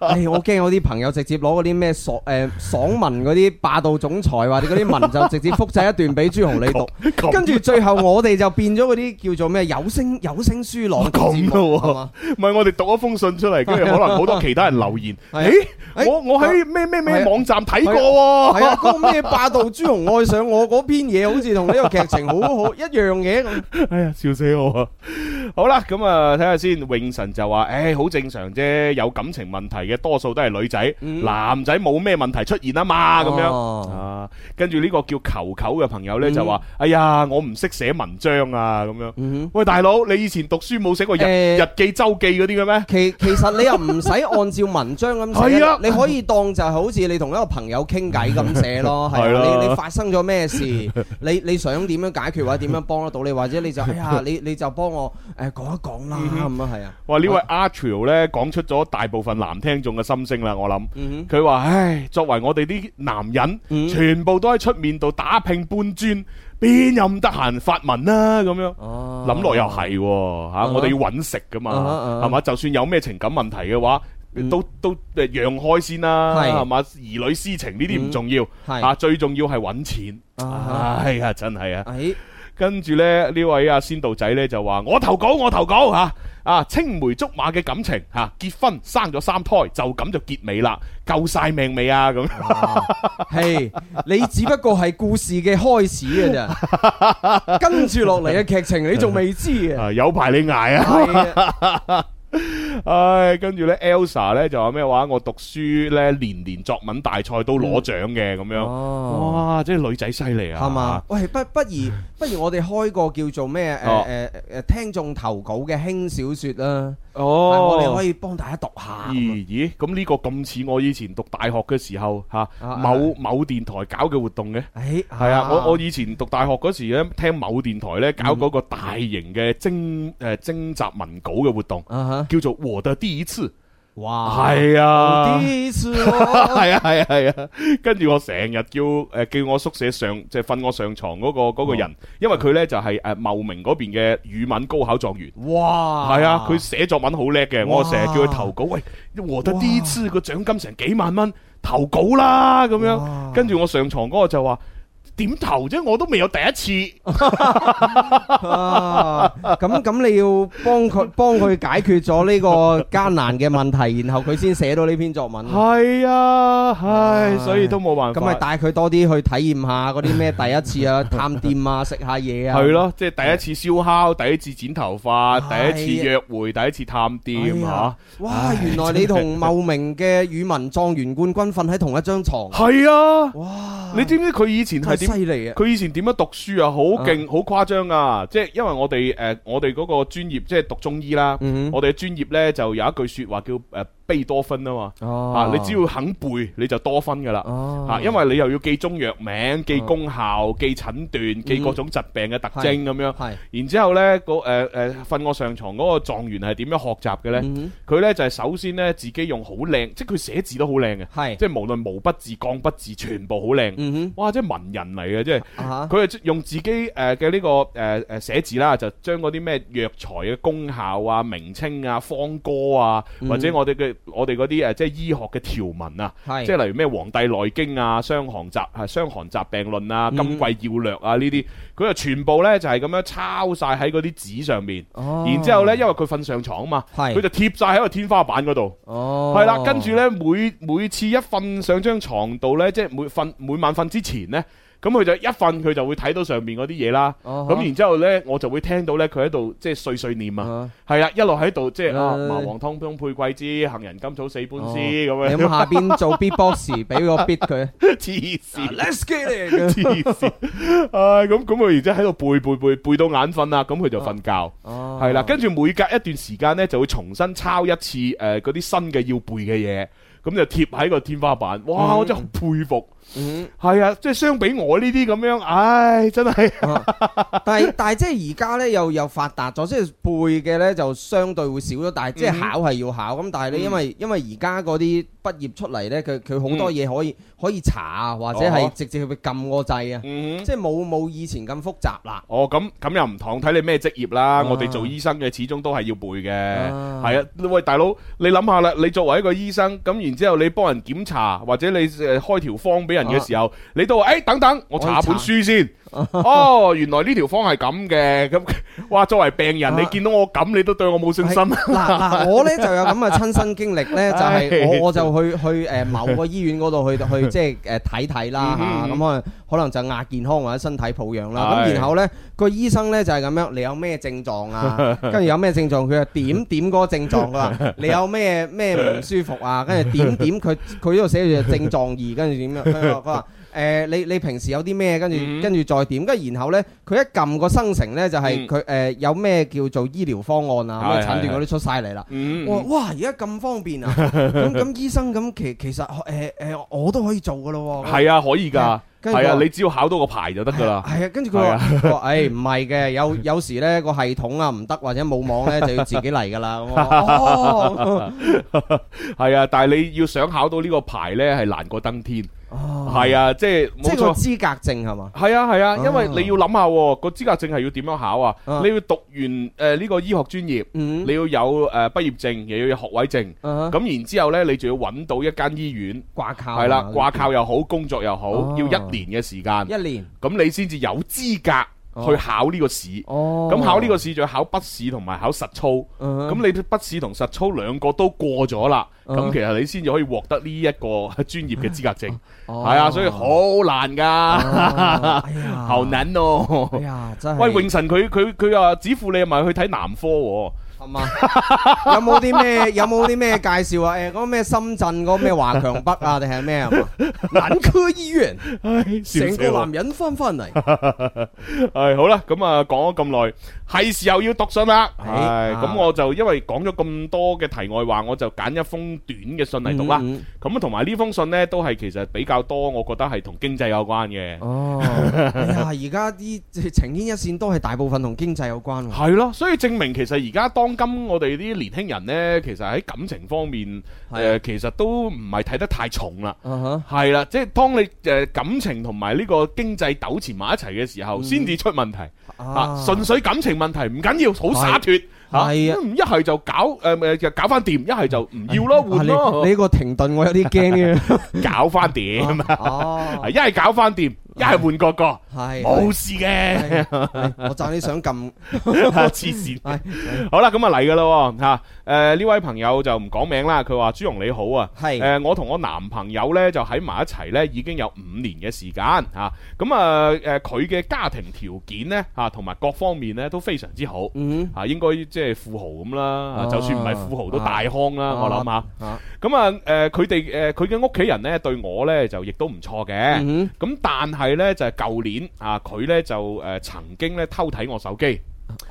我驚我啲朋友直接攞嗰啲咩爽爽文嗰啲霸道總裁或者嗰啲文就直接複製一段俾朱紅你讀。嗯 啊、跟住最後我哋就變咗嗰啲叫做咩有聲有聲書朗讀咯、啊，唔係嗎我哋讀一封信出嚟，跟住可能好多其他人留言，誒，我我喺咩咩咩網站睇過、啊，係啊，啊啊啊嗰個咩霸道朱紅愛上我嗰篇嘢，好似同呢個劇情好，好好一樣嘢咁，哎呀，笑死我！好啦，咁啊，睇下先，永神就話，誒、哎，好正常啫，有感情問題嘅多數都係女仔，嗯、男仔冇咩問題出現啊嘛，咁樣、啊，啊，跟住呢個叫球球嘅朋友咧就話，哎呀。啊！我唔識寫文章啊，咁樣喂，大佬，你以前讀書冇寫過日日記、周記嗰啲嘅咩？其其實你又唔使按照文章咁寫，你可以當就係好似你同一個朋友傾偈咁寫咯。係啦，你你發生咗咩事？你你想點樣解決？或者點樣幫得到你，或者你就哎呀，你你就幫我誒講一講啦，咁樣係啊。哇！呢位 Archie 咧講出咗大部分男聽眾嘅心聲啦。我諗佢話唉，作為我哋啲男人，全部都喺出面度打拼搬磚。邊有咁得閒發文啦？咁樣諗落又係吓，我哋要揾食噶嘛，係嘛？就算有咩情感問題嘅話，都都誒讓開先啦，係嘛？兒女私情呢啲唔重要，吓最重要係揾錢。係呀，真係啊。跟住咧，呢位阿仙道仔呢，就話：我投稿，我投稿吓。啊，青梅竹馬嘅感情吓、啊，結婚生咗三胎，就咁就結尾啦，夠晒命未 啊？咁，係你只不過係故事嘅開始嘅咋 跟住落嚟嘅劇情你仲未知啊？有排你捱啊的！ 唉，跟住咧，Elsa 咧就話咩話？我讀書咧年年作文大賽都攞獎嘅咁樣，哇！即係女仔犀利啊，係嘛？喂，不不如不如我哋開個叫做咩？誒誒誒，聽眾投稿嘅輕小說啦，哦，我哋可以幫大家讀下。咦咦，咁呢個咁似我以前讀大學嘅時候吓，某某電台搞嘅活動嘅，係啊！我我以前讀大學嗰時咧，聽某電台咧搞嗰個大型嘅徵誒徵集文稿嘅活動，叫做。我的第一次，哇，係啊，第一次，哦，係 啊，係啊，係啊，跟住我成日叫，誒、啊啊，叫我宿舍上，即係瞓我上床嗰、那個嗰、那個人，因為佢呢就係、是、誒、啊、茂名嗰邊嘅語文高考狀元，哇，係啊，佢寫作文好叻嘅，哇我成日叫佢投稿，哇喂，獲得第一次個獎金成幾萬蚊，投稿啦，咁樣，哇哇跟住我上床嗰個就話。點頭啫，我都未有第一次。咁咁，你要幫佢幫佢解決咗呢個艱難嘅問題，然後佢先寫到呢篇作文。係啊，唉，所以都冇辦法。咁咪帶佢多啲去體驗下嗰啲咩第一次啊，探店啊，食下嘢啊。係咯，即係第一次燒烤，第一次剪頭髮，第一次約會，第一次探店啊！哇，原來你同茂名嘅語文狀元冠軍瞓喺同一張床。係啊，哇！你知唔知佢以前係點？犀利啊！佢以前點樣讀書啊？好勁，好、啊、誇張啊！即係因為我哋誒、呃，我哋嗰個專業即係讀中醫啦。嗯、哼我哋嘅專業呢，就有一句説話叫誒，呃貝多芬啊嘛，啊你只要肯背你就多分噶啦，啊因為你又要記中藥名、記功效、記診斷、記各種疾病嘅特徵咁樣，係。然之後咧個誒誒瞓我上床嗰個狀元係點樣學習嘅咧？佢咧就係首先咧自己用好靚，即係佢寫字都好靚嘅，係。即係無論毛筆字、鋼筆字，全部好靚。嗯哼，哇！即係文人嚟嘅，即係佢係用自己誒嘅呢個誒誒寫字啦，就將嗰啲咩藥材嘅功效啊、名稱啊、方歌啊，或者我哋嘅。我哋嗰啲誒，即係醫學嘅條文啊，是即係例如咩《黃帝內經》啊，《傷寒雜》啊，《傷寒雜病論》啊，嗯《金貴要略》啊呢啲，佢就全部呢，就係、是、咁樣抄晒喺嗰啲紙上面，哦、然之後呢，因為佢瞓上床啊嘛，佢是就貼晒喺個天花板嗰度，係、哦、啦，跟住呢，每每次一瞓上張床度呢，即係每瞓每晚瞓之前呢。咁佢就一瞓佢就會睇到上面嗰啲嘢啦，咁然之後咧我就會聽到咧佢喺度即係碎碎念啊，係啦，一路喺度即係啊麻黃湯中配桂枝，杏仁甘草四般施咁樣。咁下邊做 Beatbox 俾個 Beat 佢，黐線，Let's get it，黐線咁咁啊，然之後喺度背背背背到眼瞓啦，咁佢就瞓覺，係啦。跟住每隔一段時間咧就會重新抄一次誒嗰啲新嘅要背嘅嘢，咁就貼喺個天花板。哇！我真係好佩服。嗯，係啊，即係相比我呢啲咁樣，唉，真係、嗯。 但係但係即係而家咧，又又發達咗，即係背嘅咧，就相對會少咗，但係即係考係要考。咁但係咧，因為、嗯、因為而家嗰啲畢業出嚟咧，佢佢好多嘢可以，嗯、可以可以查啊，或者係直接去撳個掣啊，即係冇冇以前咁複雜啦。哦，咁咁又唔同，睇你咩職業啦。我哋做醫生嘅始終都係要背嘅，係啊。啊喂，大佬，你諗下啦，你作為一個醫生，咁然之後你幫人檢查，或者你誒開條方俾人。嘅時候，你都話：，哎、欸，等等，我查本書先。 哦，原來呢條方係咁嘅，咁哇，作為病人你見到我咁，你都對我冇信心。嗱嗱， 我咧就有咁嘅親身經歷咧， 就係我，我就去去誒某個醫院嗰度去去即係誒睇睇啦，咁可能可能就亞健康或者身體保養啦。咁、啊啊、然後咧、這個醫生咧就係、是、咁樣，你有咩症狀啊？跟住有咩症狀，佢就點點嗰個症狀啦。你有咩咩唔舒服啊？跟住點點佢佢嗰度寫住症狀二，跟住點樣？佢話。誒，你你平時有啲咩跟住跟住再點，跟住然後咧，佢一撳個生成咧，就係佢誒有咩叫做醫療方案啊，咁樣診斷嗰啲出晒嚟啦。我話，哇，而家咁方便啊！咁咁醫生咁其其實誒誒，我都可以做噶咯。係啊，可以噶。係啊，你只要考到個牌就得噶啦。係啊，跟住佢話誒唔係嘅，有有時咧個系統啊唔得或者冇網咧，就要自己嚟噶啦。哦，係啊，但係你要想考到呢個牌咧，係難過登天。哦，係啊，啊，即係冇係個資格證係嘛？係啊係啊，因為你要諗下個、啊、資格證係要點樣考啊？啊你要讀完誒呢、呃這個醫學專業，嗯、你要有誒畢、呃、業證，又要有學位證，咁、啊、哈然之後呢，你就要揾到一間醫院掛靠，係啦、啊，掛靠又好，工作又好，啊、要一年嘅時間，一年，咁你先至有資格。去考呢個試，咁、哦、考呢個試就考筆試同埋考實操，咁、嗯、你啲筆試同實操兩個都過咗啦，咁、嗯、其實你先至可以獲得呢一個專業嘅資格證，係、嗯哦、啊，所以好難、哦哎、 好難噶、哦，後捻咯，喂永臣佢佢佢話只付你係咪去睇男科、啊。 有冇啲咩？有冇啲咩介紹啊？誒、哎，嗰個咩深圳嗰個咩華強北啊？定係咩啊？眼科醫院，成 個男人翻翻嚟。係、 哎、好啦，咁啊講咗咁耐，係時候要讀信啦。係、哎、咁，我就因為講咗咁多嘅題外話，我就揀一封短嘅信嚟讀啦。咁同埋呢封信呢，都係其實比較多，我覺得係同經濟有關嘅。哦，而家啲晴天一線都係大部分同經濟有關。係咯、 嗯，所以證明其實而家當。今我哋啲年輕人呢，其實喺感情方面，誒的、呃、其實都唔係睇得太重啦，係啦、uh huh.，即係當你誒、呃、感情同埋呢個經濟糾纏埋一齊嘅時候，先至、嗯、出問題。Ah. 啊，純粹感情問題唔緊要，好灑脫。係啊，一係就搞誒誒，就搞翻掂；一係就唔要咯，換咯。你呢個停頓，我有啲驚嘅。搞翻掂啊！一係搞翻掂，一係換個個，係冇事嘅。我讚你想撳個黐線。好啦，咁啊嚟噶啦吓。誒呢位朋友就唔講名啦。佢話朱容你好啊。係誒，我同我男朋友咧就喺埋一齊咧，已經有五年嘅時間吓。咁啊誒，佢嘅家庭條件咧吓，同埋各方面咧都非常之好。嗯，吓應該即。即係富豪咁啦，啊、就算唔係富豪都大康啦。啊、我諗下，咁啊，誒，佢哋誒，佢嘅屋企人咧對我咧就亦都唔錯嘅。咁、嗯、哼但係咧就係舊年啊，佢咧就誒、呃、曾經咧偷睇我手機，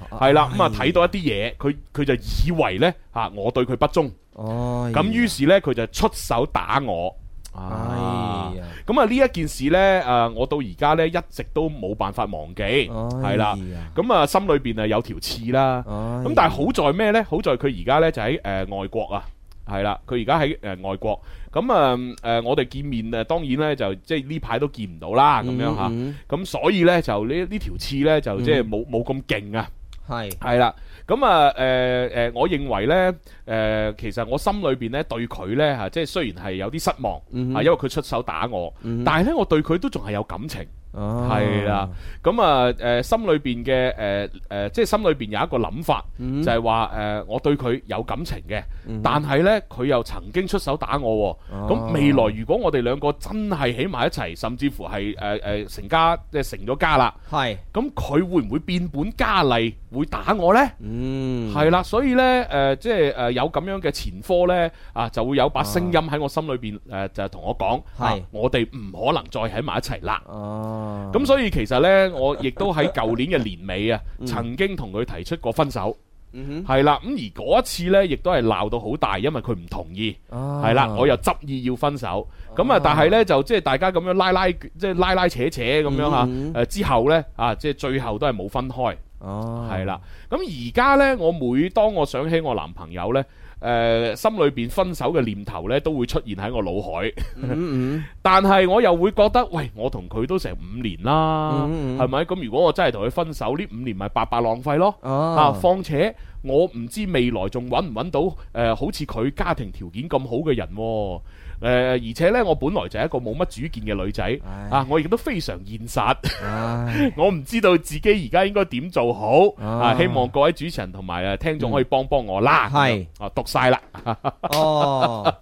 係啦、啊，咁啊睇到一啲嘢，佢佢就以為咧吓我對佢不忠，咁於、啊啊、是咧佢就出手打我。係，咁、哎、啊呢一件事咧，誒，我到而家咧一直都冇辦法忘記，係啦、哎呀，咁啊心裏邊啊有條刺啦，咁、哎、呀但係好，呢好在咩咧？好在佢而家咧就喺誒外國啊，係、呃、啦，佢而家喺誒外國，咁、呃、啊誒、呃、我哋見面啊，當然咧就即係呢排都見唔到啦，咁、嗯、樣吓，咁、啊嗯、所以咧就條刺呢呢條刺咧就即係冇冇咁勁啊。係，係啦，咁啊，誒、呃、誒、呃呃、我認為咧，誒、呃、其實我心裏邊咧對佢咧吓，即係雖然係有啲失望，啊、嗯、哼因為佢出手打我，嗯、哼但係咧，我對佢都仲係有感情。係啦，咁、oh. 啊，誒、嗯，嗯、心裏邊嘅，誒、呃，誒，即係心裏邊有一個諗法，就係話，誒，我對佢有感情嘅，mm hmm. 但係呢，佢又曾經出手打我，咁未來如果我哋兩個真係喺埋一齊，甚至乎係，誒，誒，成家，即係成咗家啦，係，咁佢會唔會變本加厲會打我呢？嗯，係啦，所以呢，誒、呃，即係，誒，有咁樣嘅前科呢，啊、呃，就會有把聲音喺我心裏邊，誒、oh. 哎，就同我講，係，我哋唔可能再喺埋一齊啦。Oh. 咁所以其實呢，我亦都喺舊年嘅年尾啊，曾經同佢提出過分手，係啦、嗯哼，咁而嗰一次呢，亦都係鬧到好大，因為佢唔同意，係啦、啊，我又執意要分手，咁啊，但係呢，就即係大家咁樣拉拉，即係拉拉扯扯咁樣吓、嗯哼啊，之後呢，啊，即係最後都係冇分開，係啦、啊，咁而家呢，我每當我想起我男朋友呢，誒、呃，心裏邊分手嘅念頭呢，都會出現喺我腦海。嗯嗯、 但係我又會覺得，喂，我同佢都成五年啦，係咪、嗯？咁、嗯、如果我真係同佢分手，呢五年咪白白浪費咯。哦、啊，況且我唔知未來仲揾唔揾到誒、呃，好似佢家庭條件咁好嘅人、啊。誒，而且咧，我本來就係一個冇乜主見嘅女仔啊，我亦都非常現實，我唔知道自己而家應該點做好啊，希望各位主持人同埋啊聽眾可以幫幫我啦。係，哦，讀晒啦。哦，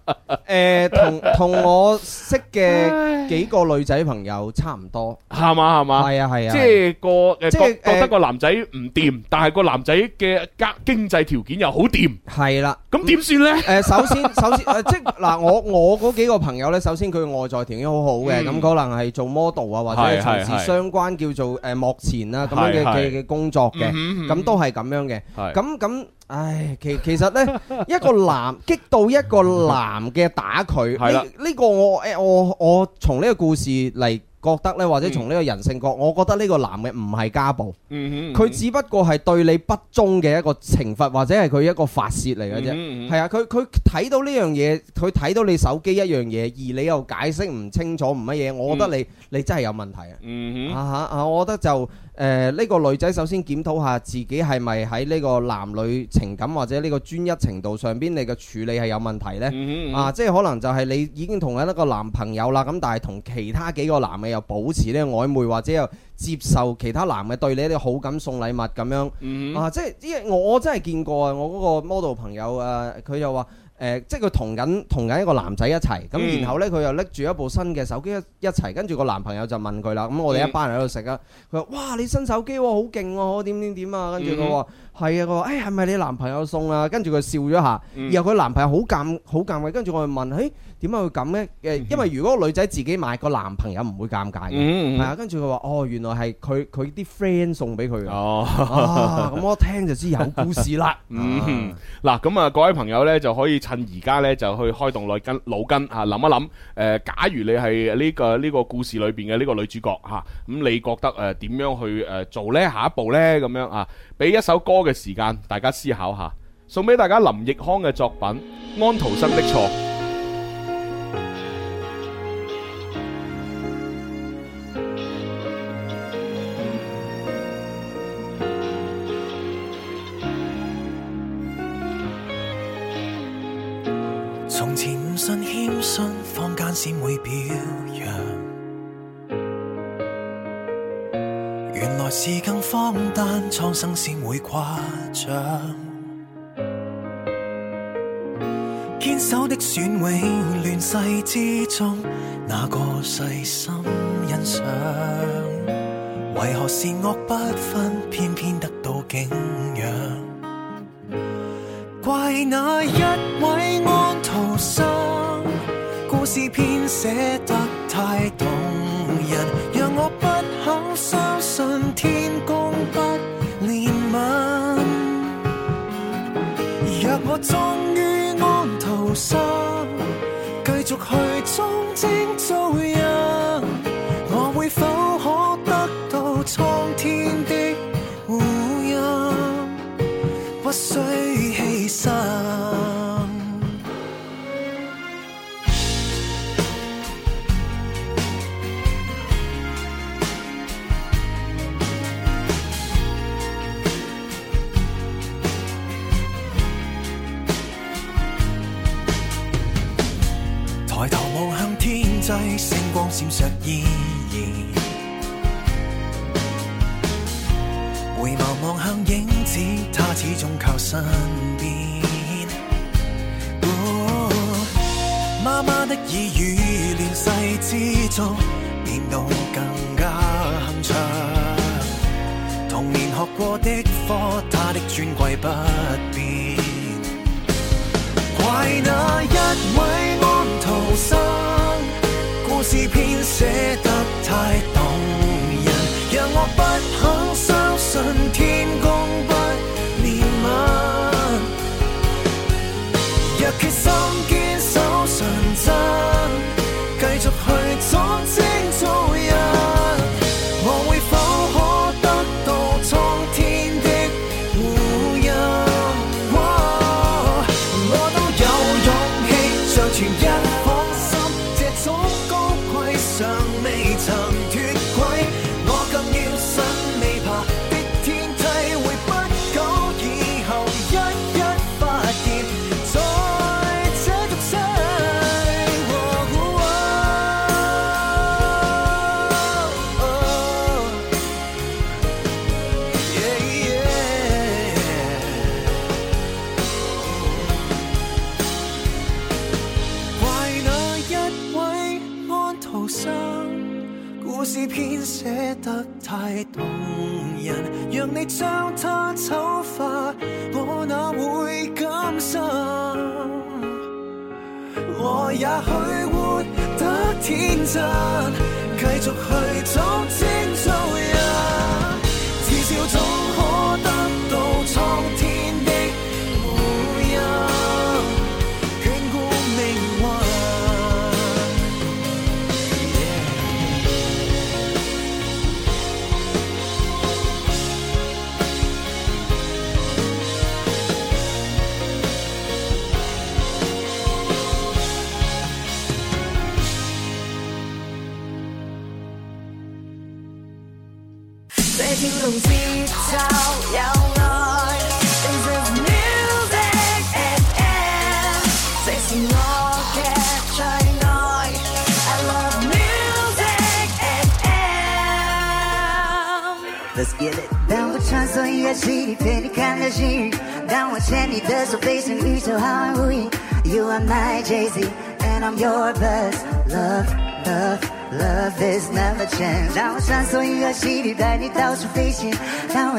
誒，同同我識嘅幾個女仔朋友差唔多，係嘛係嘛，係啊係啊，即係個誒覺覺得個男仔唔掂，但係個男仔嘅家經濟條件又好掂，係啦，咁點算咧？誒，首先首先誒，即嗱，我我嗰幾個朋友呢，首先佢外在條件好好嘅，咁、嗯、可能係做 model 啊，或者係從事相關叫做誒、呃、幕前啊咁樣嘅嘅是工作嘅，咁、嗯嗯、都係咁樣嘅。咁咁是是，唉，其其實呢， 一個男激到一個男嘅打佢，呢呢個我誒我我，我從呢個故事嚟。覺得呢，或者從呢個人性角，我覺得呢個男嘅唔係家暴，佢、嗯嗯、只不過係對你不忠嘅一個懲罰，或者係佢一個發泄嚟嘅啫。係、嗯嗯、啊，佢佢睇到呢樣嘢，佢睇到你手機一樣嘢，而你又解釋唔清楚唔乜嘢，我覺得你、嗯、哼你真係有問題啊！、嗯、哼啊！啊，我覺得就。誒呢、呃呢個女仔首先檢討下自己，係咪喺呢個男女情感或者呢個專一程度上邊，你嘅處理係有問題呢？嗯哼嗯啊，即係可能就係你已經同一個男朋友啦，咁但係同其他幾個男嘅又保持呢個曖昧，或者又接受其他男嘅對你啲好感送禮物咁樣，嗯哼嗯啊。啊，即係依我真係見過啊！我嗰個 model 朋友誒，佢又話。誒，即係佢同緊同緊一個男仔一齊，咁然後呢佢又拎住一部新嘅手機一一齊，跟住個男朋友就問佢啦。咁我哋一班人喺度食啊，佢話：哇，你新手機喎，好勁喎，點點點啊！跟住佢話：係啊，佢話：誒係咪你男朋友送啊？跟住佢笑咗下，然後佢男朋友好尷好尷嘅，跟住我哋問：誒點解會咁呢？誒，因為如果女仔自己買，個男朋友唔會尷尬嘅，係啊。跟住佢話：哦，原來係佢佢啲 friend 送俾佢嘅。哦，哇，咁我聽就知有故事啦。嗯，嗱，咁啊，各位朋友呢就可以。趁而家呢，就去開動腦筋，腦筋嚇，諗一諗。誒、呃，假如你係呢、這個呢、這個故事裏邊嘅呢個女主角嚇，咁、啊嗯、你覺得誒點、呃、樣去誒、呃、做呢？下一步呢，咁樣啊？俾一首歌嘅時間，大家思考下。送俾大家林奕匡嘅作品 《安徒生的錯》。先會表揚，原來是更荒誕，蒼生先會誇張。堅守的尊榮，亂世之中，哪個細心欣賞？為何善惡不分，偏偏得到景仰？怪那一位安徒生。詩篇寫得太動人，讓我不肯相信天公不憐憫。若我終於安徒生，繼續去裝精做人，我會否可得到蒼天的護蔭？不需犧牲。沾著意義，回眸望向影子，它始終靠身邊。媽、哦、媽的耳語，亂世之中，變得更加恆常。童年學過的課，它的尊貴不變。怪那一位安徒生。故事編寫得太動人，讓我不肯傷。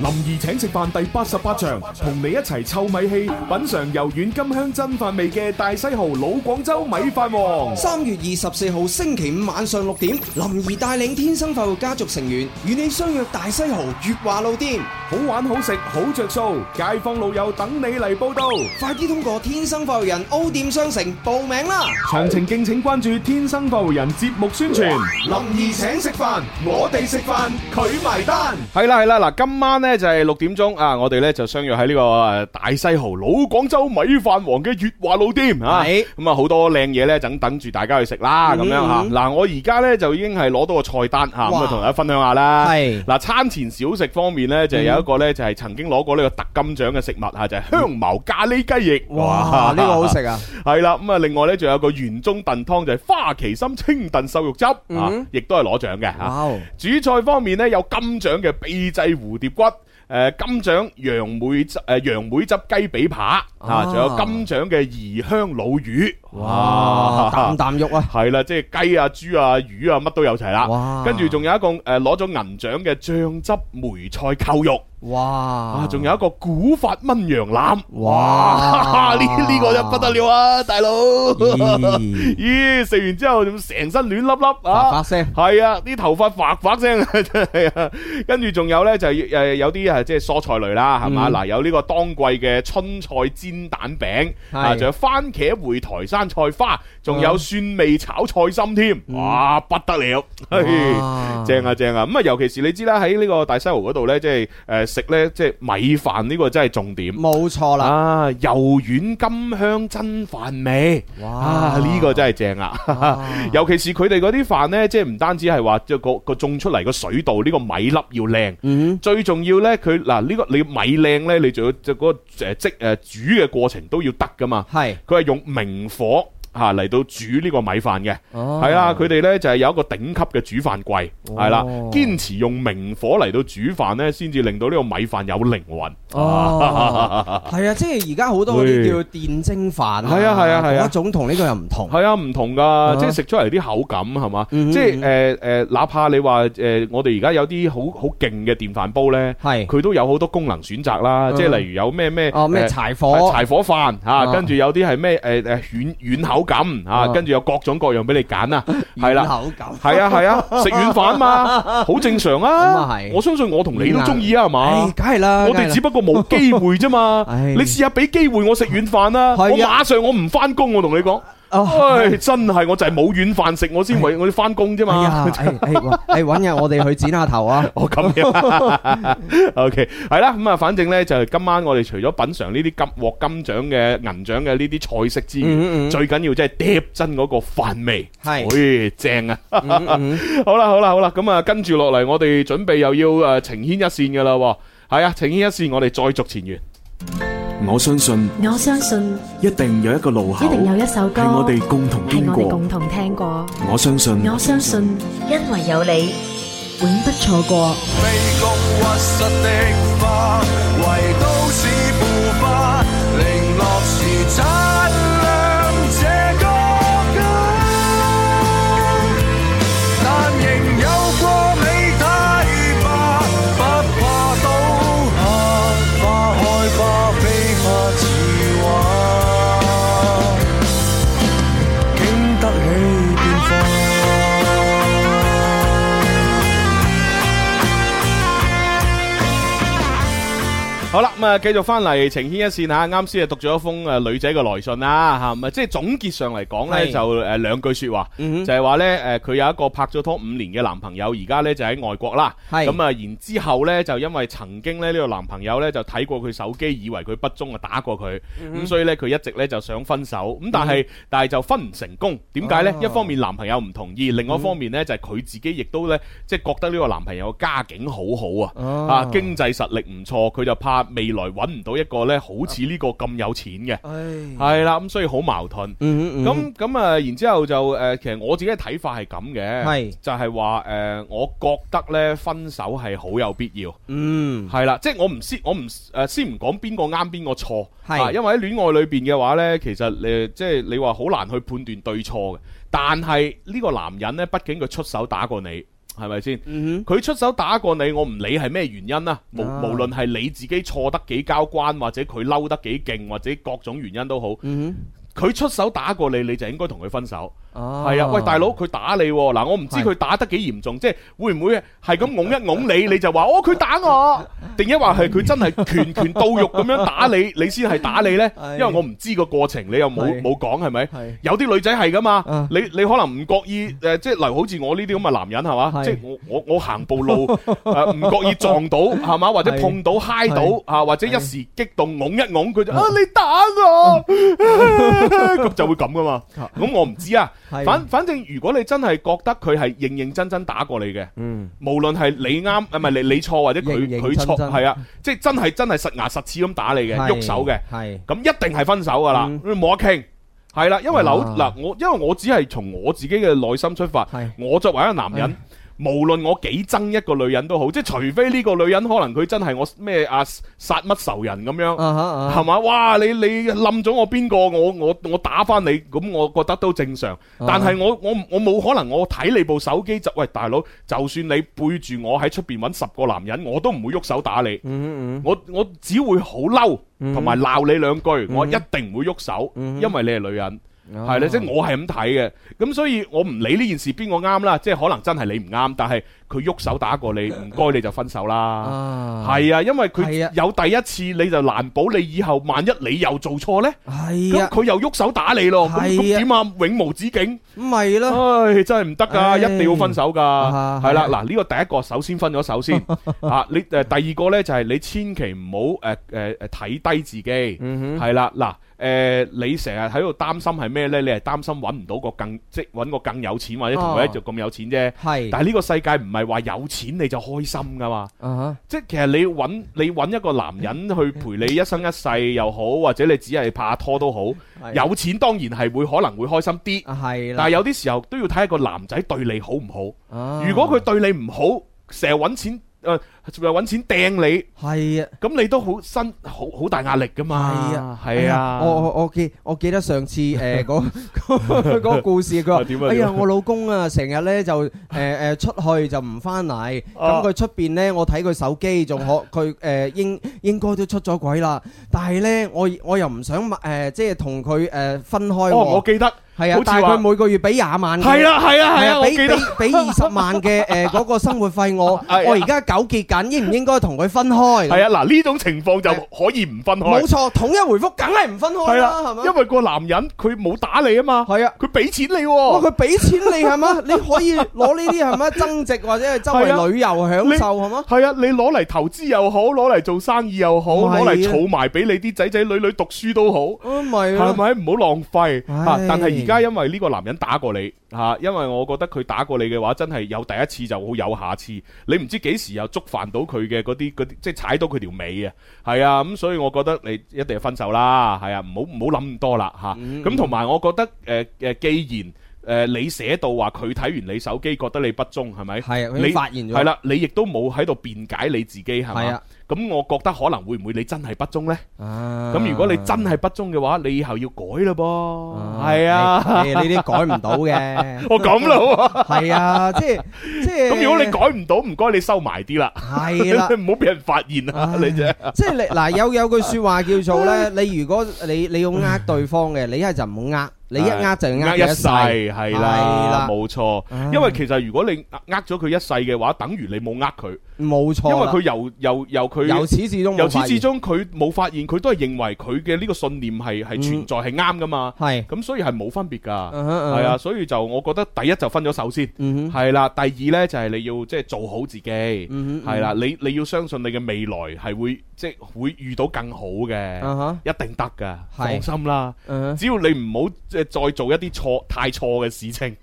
林怡請食飯第八十八場，同你一齊臭米氣，品嚐柔軟甘香真飯味嘅大西豪老廣州米飯王。三月二十四號星期五晚上六點，林怡帶領天生快活家族成員，與你相約大西豪月華路店，好玩好食好着數，街坊老友等你嚟報到，快啲通過天生快活人 O 店商城報名啦！詳情敬請關注天生快活人節目宣傳。林怡請食飯，我哋食飯，佢埋單。係啦係啦，嗱，今晚呢？呢就係六點鐘啊！我哋呢就相約喺呢個誒大西豪老廣州米飯王嘅越華路店吓，咁啊好多靚嘢呢，等等住大家去食啦咁樣吓。嗱、嗯哼啊，我而家呢就已經係攞到個菜單吓，咁啊同大家分享下啦。嗱是、啊，餐前小食方面呢，就是、有一個呢，就係、是、曾經攞過呢個特金獎嘅食物吓，嗯、就係香茅咖喱雞翼。哇，呢哇個好食啊！係啦、啊，咁啊另外呢，仲有個圓中燉湯就係、是、花旗參清燉瘦肉汁吓，亦都係攞獎嘅吓。哇主菜方面呢，有金獎嘅秘製蝴蝶骨。誒，金獎楊梅汁誒，楊梅汁雞髀扒啊，仲有金獎嘅魚香鱸魚，哇，啖啖哇肉啊，係啦，即係雞啊、豬啊、魚啊，乜都有齊啦，跟住仲有一個誒，攞咗銀獎嘅醬汁梅菜扣肉。哇！仲、啊、有一個古法炆羊腩，哇！呢呢哇、呢個就不得了啊，大佬。咦耶？食完之後仲成身亂粒粒啊？白聲係啊，啲頭髮白白聲啊，真係、啊。跟住仲有呢，就誒有啲係即係蔬菜類啦，係嘛嗱，有呢個當季嘅春菜煎蛋餅，啊，仲有番茄回台山菜花，仲有蒜味炒菜心添，嗯、哇，不得了，正、哎、啊哇正啊。咁啊，啊，啊，啊，尤其是你知啦，喺呢個大西湖嗰度呢，即係誒。呃呃呃呃食咧即係米飯呢個真係重點，冇錯啦。啊，柔軟甘香真飯味，哇！啊呢個真係正啊，哇尤其是佢哋嗰啲飯咧，即係唔單止係話即係個個種出嚟個水稻呢個米粒要靚，嗯、最重要咧佢嗱啊呢個你米靚咧，你仲要、嗰個啊、即個誒即誒煮嘅過程都要得噶嘛。係佢係用明火。吓，嚟到煮呢個米飯嘅，係啦，佢哋咧就係有一個頂級嘅煮飯櫃，係啦，堅持用明火嚟到煮飯咧，先至令到呢個米飯有靈魂。哦，係啊，即係而家好多嗰啲叫電蒸飯，係啊，係啊，係啊，一種同呢個又唔同。係啊，唔同噶，即係食出嚟啲口感係咪，即係誒誒，哪怕你話誒，我哋而家有啲好好勁嘅電飯煲咧，係佢都有好多功能選擇啦，即係例如有咩咩咩柴火柴火飯吓，跟住有啲係咩誒誒軟軟口。口感啊，跟住有各種各樣俾你揀啊，係啦了，係啊係啊，食軟飯啊嘛，好 正常啊。我相信我同你都中意啊，係嘛來，梗係啦，哎、我哋只不過冇機會啫嘛。哎、你試下俾機會我食軟飯啊。啊我馬上我唔翻工，我同你講。唉，真係我就係冇軟飯食，我先為我哋翻工啫嘛。哎呀，哎，哎，揾日我哋去剪下頭啊！哦，咁樣，OK，係啦，咁啊，反正呢就係今晚我哋除咗品嘗呢啲金獲金獎嘅銀獎嘅呢啲菜式之餘，最緊要真係碟真嗰個飯味。係，誒，正啊！好啦，好啦，好啦，咁啊，跟住落嚟，我哋準備又要誒情牽一線嘅啦。係啊，情牽一線，我哋再續前緣。我相信，我相信一定有一個路口，一定有一首歌，係我哋共，共同聽過。我相信，我相信，相因為有你，永不錯過。 咁啊，繼、嗯、續翻嚟情牽一線嚇，啱先啊讀咗一封誒、呃、女仔嘅來信啦嚇，咁、嗯、啊即係總結上嚟講咧就誒、呃、兩句説話，嗯、哼就係話咧誒佢有一個拍咗拖五年嘅男朋友，而家咧就喺外國啦，咁啊是、嗯、然之後咧就因為曾經咧呢、這個男朋友咧就睇過佢手機，以為佢不忠啊，打過佢，咁、嗯、哼所以咧佢一直咧就想分手，咁但係、嗯、哼但係就分唔成功，點解咧？啊、一方面男朋友唔同意，另外一方面咧就係、是、佢自己亦都咧即係覺得呢個男朋友家境好好啊，啊經濟實力唔錯，佢就怕未。來揾唔到一個咧，好似呢、這個咁有錢嘅，係啦、哎，咁所以好矛盾。咁咁啊，然之後就誒、呃，其實我自己嘅睇法係咁嘅，是就係話誒，我覺得咧分手係好有必要。嗯，係啦，即係我唔先，我唔誒先唔講邊個啱邊個錯，係是、啊、因為喺戀愛裏邊嘅話呢，其實你即係你話好難去判斷對錯嘅。但係呢個男人咧，畢竟佢出手打過你。係咪先？佢、嗯、哼出手打過你，我唔理係咩原因啊。無無論係你自己錯得幾交關，或者佢嬲得幾勁，或者各種原因都好，佢、嗯、哼出手打過你，你就應該同佢分手。係啊，喂，大佬佢打你嗱，我唔知佢打得幾嚴重，即係會唔會係咁㧬一㧬你，你就話哦，佢打我，定一話係佢真係拳拳到肉咁樣打你，你先係打你呢？因為我唔知個過程，你又冇冇講係咪？有啲女仔係噶嘛，你你可能唔覺意誒，即係嗱，好似我呢啲咁嘅男人係嘛，即係我我我行步路唔覺意撞到係嘛，或者碰到揩到啊，或者一時激動㧬一㧬佢就啊，你打我咁就會咁噶嘛？咁我唔知啊。反反正如果你真係覺得佢係認認真真打過你嘅，嗯、無論係你啱啊，係咪你你錯或者佢佢錯係啊，即係真係真係實牙實齒咁打你嘅喐是手嘅，咁一定係分手㗎啦，冇得傾係啦，啊啊、因為嗱嗱我因為我只係從我自己嘅內心出發，是我作為一個男人。無論我幾憎一個女人都好，即係除非呢個女人可能佢真係我咩啊殺乜仇人咁樣，係嘛、uh huh, uh huh.？哇！你你冧咗我邊個？我我我打返你，咁我覺得都正常。但係我我我冇可能，我睇你部手機就喂，大佬，就算你背住我喺出邊揾十個男人，我都唔會喐手打你。Uh huh, uh huh. 我我只會好嬲，同埋鬧你兩句，我一定唔會喐手，uh huh. 因為你係女人。係咧，即係、 就是、我係咁睇嘅，咁所以我唔理呢件事邊個啱啦，即係可能真係你唔啱，但係。佢喐手打過你，唔該你就分手啦。係啊，因為佢有第一次你就難保你以後，萬一你又做錯呢，咁佢又喐手打你咯。咁點啊？永無止境，唔係咯？唉，真係唔得㗎，一定要分手㗎。係啦，嗱呢個第一個首先分咗手先啊。你誒第二個呢就係你千祈唔好誒誒誒睇低自己，係啦嗱誒，你成日喺度擔心係咩呢？你係擔心揾唔到個更即揾個更有錢或者同佢一樣咁有錢啫。係，但係呢個世界唔係。係話有錢你就開心噶嘛，uh huh. 即係其實你揾你揾一個男人去陪你一生一世又好，或者你只係拍拖都好， 的有錢當然係會可能會開心啲， 的但係有啲時候都要睇一個男仔對你好唔好，uh huh. 如果佢對你唔好，成日揾錢誒。呃仲有揾錢掟你，係啊，咁你都好新，好好大壓力噶嘛，係啊，係啊，我我我記，我記得上次誒，嗰嗰個故事，佢話點，哎呀，我老公啊，成日咧就誒誒出去就唔翻嚟，咁佢出邊咧，我睇佢手機仲可，佢誒應應該都出咗軌啦，但係咧，我我又唔想誒，即係同佢誒分開。哦，我記得。係啊，但係佢每個月俾廿萬，係啊，係啊，係啊，俾俾俾二十萬嘅誒嗰個生活費，我我而家糾結緊，應唔應該同佢分開？係啊，嗱呢種情況就可以唔分開。冇錯，統一回覆梗係唔分開啊，係咪？因為個男人佢冇打你啊嘛，係啊，佢俾錢你喎，佢俾錢你係咪？你可以攞呢啲係咪？增值或者係周圍旅遊享受係嘛？係啊，你攞嚟投資又好，攞嚟做生意又好，攞嚟儲埋俾你啲仔仔女女讀書都好，唔係啊，係咪唔好浪費啊？但係而而家因為呢個男人打過你吓，因為我覺得佢打過你嘅話，真係有第一次就好有下次，你唔知幾時又觸犯到佢嘅嗰啲嗰啲，即係踩到佢條尾啊！係啊，咁所以我覺得你一定要分手啦，係啊，唔好唔好諗咁多啦吓。咁同埋我覺得誒誒、呃，既然誒、呃、你寫到話佢睇完你手機，覺得你不忠係咪？係你、啊、發現咗係啦，你亦都冇喺度辯解你自己係咪？咁，我覺得可能會唔會你真係不忠咧？咁如果你真係不忠嘅話，你以後要改咯噃，係啊，呢啲改唔到嘅。我，咁啦，係啊，即係即係。咁如果你改唔到，唔該你收埋啲啦，係啦，你唔好俾人發現啊，你啫。即係嗱，有有句説話叫做咧，你如果你你要呃對方嘅，你一係就唔好呃，你一呃就呃一世，係啦，冇錯。因為其實如果你呃咗佢一世嘅話，等於你冇呃佢。冇錯，因為佢由由由佢由始至終由始至終，佢冇發現，佢都係認為佢嘅呢個信念係係存在係啱噶嘛，係咁所以係冇分別噶，係啊，所以就我覺得第一就分咗手先，係啦，第二呢就係你要即係做好自己，係啦，你你要相信你嘅未來係會即係會遇到更好嘅，一定得噶，放心啦，只要你唔好即係再做一啲錯太錯嘅事情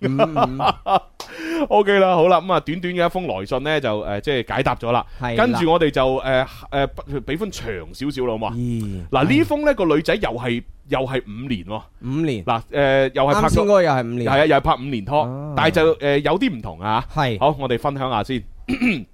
，OK 啦，好啦，咁啊短短嘅一封來信呢就誒即係解。答咗啦，跟住我哋就誒誒、呃呃，畀返長少少啦，好嘛？嗱呢、嗯、封呢個女仔又係又係五年，五年嗱誒又係拍啱先嗰個又係五年，係啊、呃、又係拍，拍五年拖，哦、但係就誒、呃、有啲唔同啊，係是好我哋分享下先。誒、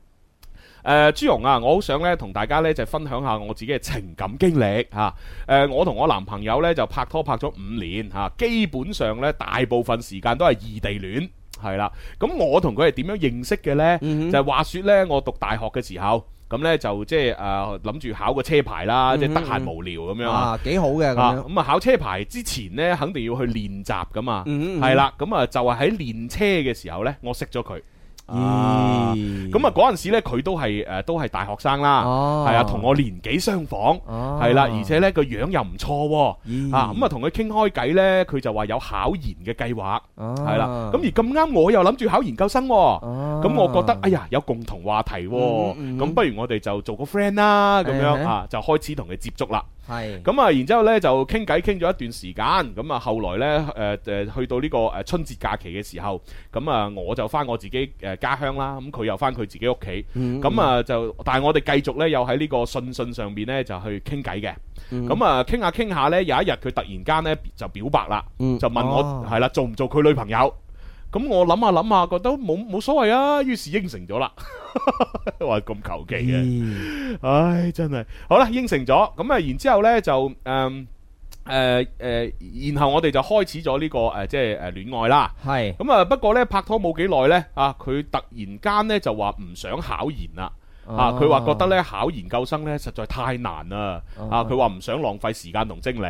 呃、朱融啊，我好想咧同大家咧就分享下我自己嘅情感經歷吓。誒、啊、我同我男朋友咧就拍拖拍咗五年吓、啊，基本上咧大部分時間都係異地戀。係啦，咁我同佢係點樣認識嘅呢？嗯、哼就係話說呢，我讀大學嘅時候，咁呢就即係誒諗住考個車牌啦，嗯、哼即係得閒無聊咁樣啊，幾好嘅咁樣。咁啊，考車牌之前呢，肯定要去練習㗎嘛，係啦、嗯哼。咁啊，就係喺練車嘅時候呢，我識咗佢。咁啊，嗰陣時咧，佢都係誒，都係大學生啦，係啊，同我年紀相仿，係啦，而且咧個樣又唔錯，啊，咁啊，同佢傾開偈呢，佢就話有考研嘅計劃，係啦，咁而咁啱我又諗住考研究生，咁我覺得哎呀，有共同話題，咁不如我哋就做個 friend 啦，咁樣啊，就開始同佢接觸啦。係，咁啊是，然之後咧就傾偈傾咗一段時間，咁啊後來咧，誒、呃、誒，去到呢個誒春節假期嘅時候，咁啊我就返我自己誒家鄉啦，咁佢又返佢自己屋企，咁啊就，嗯、但係我哋繼續咧，又喺呢個信信上邊咧就去傾偈嘅，咁啊傾下傾下咧，有一日佢突然間咧就表白啦，嗯、就問我係啦、哦，做唔做佢女朋友？咁我諗下諗下，覺得冇冇所謂啊，於是應承咗啦，話咁求其嘅，唉，真係好啦，應承咗，咁啊，然之後呢就，誒、呃，誒、呃，誒、呃，然後我哋就開始咗呢個誒、呃，即係誒，戀愛啦，係，咁啊，不過呢，拍拖冇幾耐呢，啊，佢突然間呢就話唔想考研啦。啊！佢話覺得咧、啊、考研究生咧實在太難啦，啊！佢話唔想浪費時間同精力，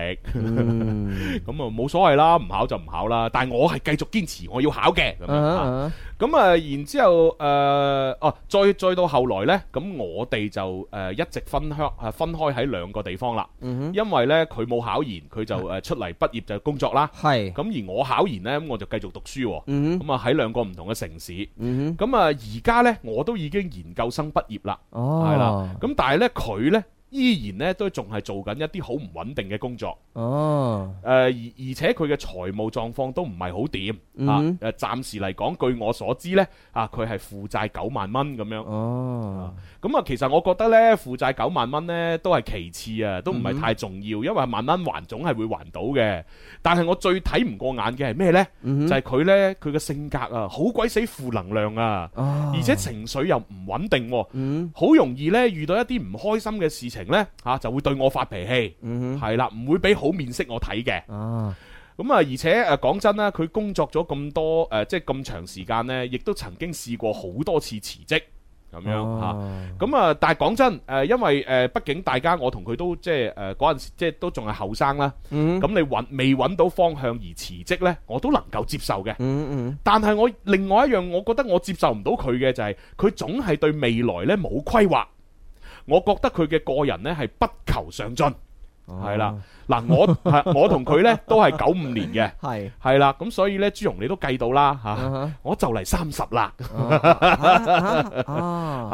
咁啊冇所謂啦，唔考就唔考啦。但係我係繼續堅持我要考嘅咁、啊、樣、啊啊啊。咁啊，然之後，誒，哦，再再到後來呢，咁我哋就誒、呃、一直分開，係分開喺兩個地方啦。嗯、哼因為呢，佢冇考研，佢就誒出嚟畢業就工作啦。係是，咁而我考研呢，我就繼續讀書。嗯哼，咁啊喺兩個唔同嘅城市。咁啊而家呢，我都已經研究生畢業啦。哦，係啦，咁但係呢，佢呢。依然咧都仲係做緊一啲好唔穩定嘅工作。哦、oh. 呃，誒而而且佢嘅財務狀況都唔係好掂啊！誒暫時嚟講，據我所知咧啊，佢係負債九萬蚊咁樣，哦，咁啊，其實我覺得咧負債九萬蚊咧都係其次啊，都唔係太重要，mm hmm. 因為慢慢還總係會還到嘅。但係我最睇唔過眼嘅係咩咧？Mm hmm. 就係佢咧，佢嘅性格啊，好鬼死負能量啊，oh. 而且情緒又唔穩定、啊，好、mm hmm. 容易咧遇到一啲唔開心嘅事情。咧嚇、啊、就會對我發脾氣，係啦、嗯哼，唔會俾好面色我睇嘅。咁啊、嗯，而且誒講、啊、真啦，佢工作咗咁多誒，即係咁長時間呢，亦都曾經試過好多次辭職咁樣嚇。咁啊，啊，但係講真誒，因為誒、呃，畢竟大家我同佢都即係誒嗰陣時，即、呃、係都仲係後生啦。咁、嗯、哼你揾未揾到方向而辭職呢，我都能夠接受嘅。嗯、哼但係我另外一樣，我覺得我接受唔到佢嘅就係、是、佢總係對未來呢冇規劃。我覺得佢嘅個人咧，係不求上進，係啦，嗱，我係我同佢咧都係九五年嘅，係係啦，咁所以咧朱蓉你都計到啦吓，我就嚟三十啦，哦，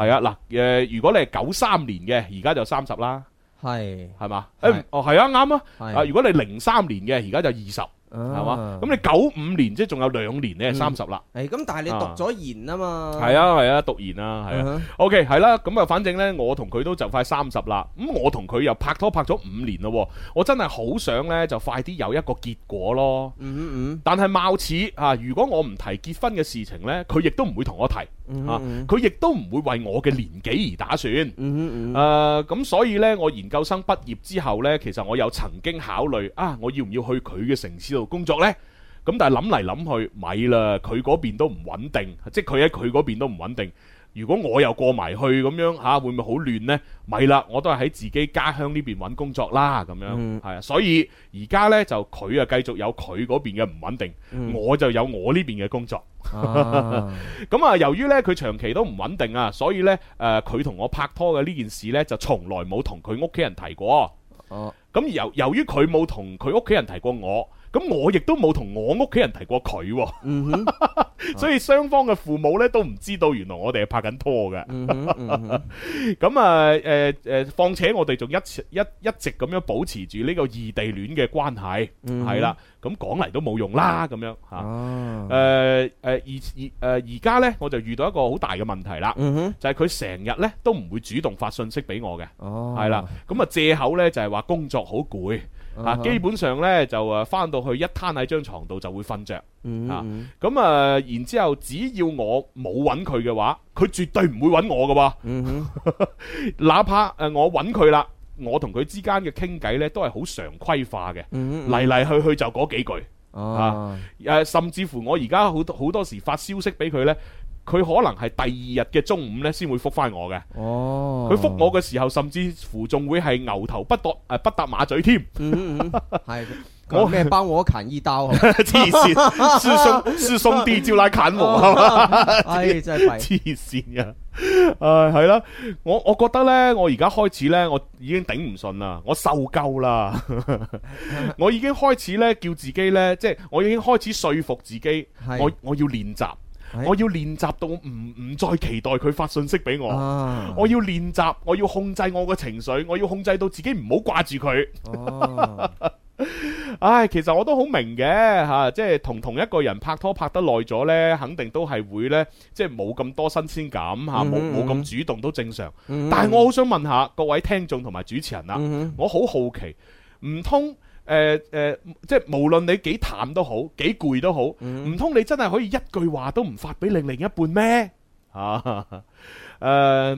係啊，嗱，誒，如果你係九三年嘅，而家就三十啦，係係嘛，誒，哦，係啊，啱啊，啊，如果你零三年嘅，而家就二十。係嘛？咁、啊、你九五年即仲有兩年咧，三十啦。誒、嗯，咁但係你讀咗研啊嘛？係啊，係啊，啊，啊，讀研啦，係啊。OK，係啦。咁、uh huh. okay, 啊，反正呢，我同佢都就快三十啦。咁我同佢又拍拖拍咗五年咯。我真係好想呢，就快啲有一個結果咯。嗯嗯，但係貌似啊，如果我唔提結婚嘅事情呢，佢亦都唔會同我提。啊！佢亦都唔會為我嘅年紀而打算。誒、嗯嗯、咁、呃、所以呢，我研究生畢業之後呢，其實我有曾經考慮啊，我要唔要去佢嘅城市度工作呢？」咁但係諗嚟諗去，咪啦，佢嗰邊都唔穩定，即係佢喺佢嗰邊都唔穩定。如果我又過埋去咁樣吓，會唔會好亂呢？咪啦，我都係喺自己家鄉呢邊揾工作啦，咁樣係啊、嗯。所以而家呢，就佢啊繼續有佢嗰邊嘅唔穩定，嗯、我就有我呢邊嘅工作。咁啊、 嗯，啊由於呢，佢長期都唔穩定啊，所以呢，誒佢同我拍拖嘅呢件事呢，就從來冇同佢屋企人提過。哦、啊，咁由由於佢冇同佢屋企人提過我。咁我亦都冇同我屋企人提過佢喎，所以雙方嘅父母咧都唔知道，原來我哋係拍緊拖嘅。咁啊，誒誒，況且我哋仲一一一直咁樣保持住呢個異地戀嘅關係，係啦。咁講嚟都冇用啦，咁樣吓。誒誒，而而誒而家咧，我就遇到一個好大嘅問題啦，就係佢成日咧都唔會主動發信息俾我嘅，係啦。咁啊借口咧就係話工作好攰。啊，uh huh. 基本上呢，就誒翻到去一攤喺張床度就會瞓着、uh huh. 啊，咁啊然之後只要我冇揾佢嘅話，佢絕對唔會揾我噶噃，uh huh. 哪怕誒我揾佢啦，我同佢之間嘅傾偈呢都係好常規化嘅，嚟嚟、uh huh. 去去就嗰幾句啊,、uh huh. 啊，甚至乎我而家好多好多時發消息俾佢呢。佢可能係第二日嘅中午咧，先會覆翻我嘅。哦，佢覆我嘅時候，甚至乎仲會係牛頭不搭誒不搭馬嘴添。係我咩？幫我砍一刀，黐線！師兄，師兄弟就來砍我，係真係黐線嘅。誒，係啦，我我覺得咧，我而家開始咧，我已經頂唔順啦，我受夠啦，我已經開始咧，叫自己咧，即係我已經開始說服自己，我我要練習。我要練習到唔唔再期待佢發信息俾我。啊、我要練習，我要控制我嘅情緒，我要控制到自己唔好掛住佢。啊、 唉，其實我都好明嘅吓、啊，即係同同一個人拍拖拍得耐咗呢，肯定都係會呢，即係冇咁多新鮮感吓，冇冇咁主動都正常。嗯嗯，但係我好想問下各位聽眾同埋主持人啦、啊，嗯嗯嗯我好好奇，唔通？誒誒、呃呃，即係無論你幾淡都好，幾攰都好，唔通、嗯、你真係可以一句話都唔發俾你另一半咩？嚇 誒、呃，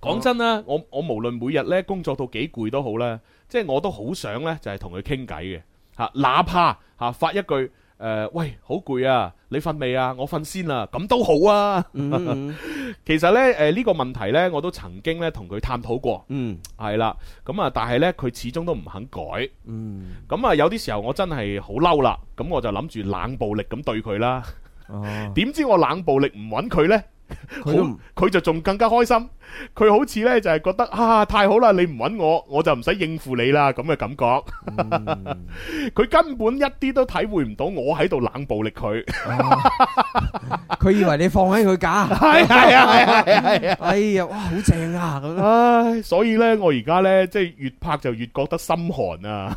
講真啦，我我，我無論每日咧工作到幾攰都好啦，即係我都好想咧就係同佢傾偈嘅嚇，哪怕嚇發一句。誒、呃，喂，好攰啊，你瞓未啊？我瞓先啦，咁都好啊。 其實咧，誒、呃、呢、呢個問題咧，我都曾經咧同佢探討過。嗯，係啦，咁啊，但係咧，佢始終都唔肯改。嗯，咁啊，有啲時候我真係好嬲啦，咁我就諗住冷暴力咁對佢啦。點 知我冷暴力唔搵佢呢？佢佢就仲更加開心。佢好似呢，就係覺得啊，太好啦！你唔揾我，我就唔使應付你啦，咁嘅感覺。佢、嗯、 根本一啲都體會唔到我喺度冷暴力佢。佢、啊、 以為你放喺佢假，係呀，啊係啊係啊！哎呀，哇、 哎，好正啊咁。唉、 哎，所以呢，我而家呢，即係越拍就越覺得心寒啊。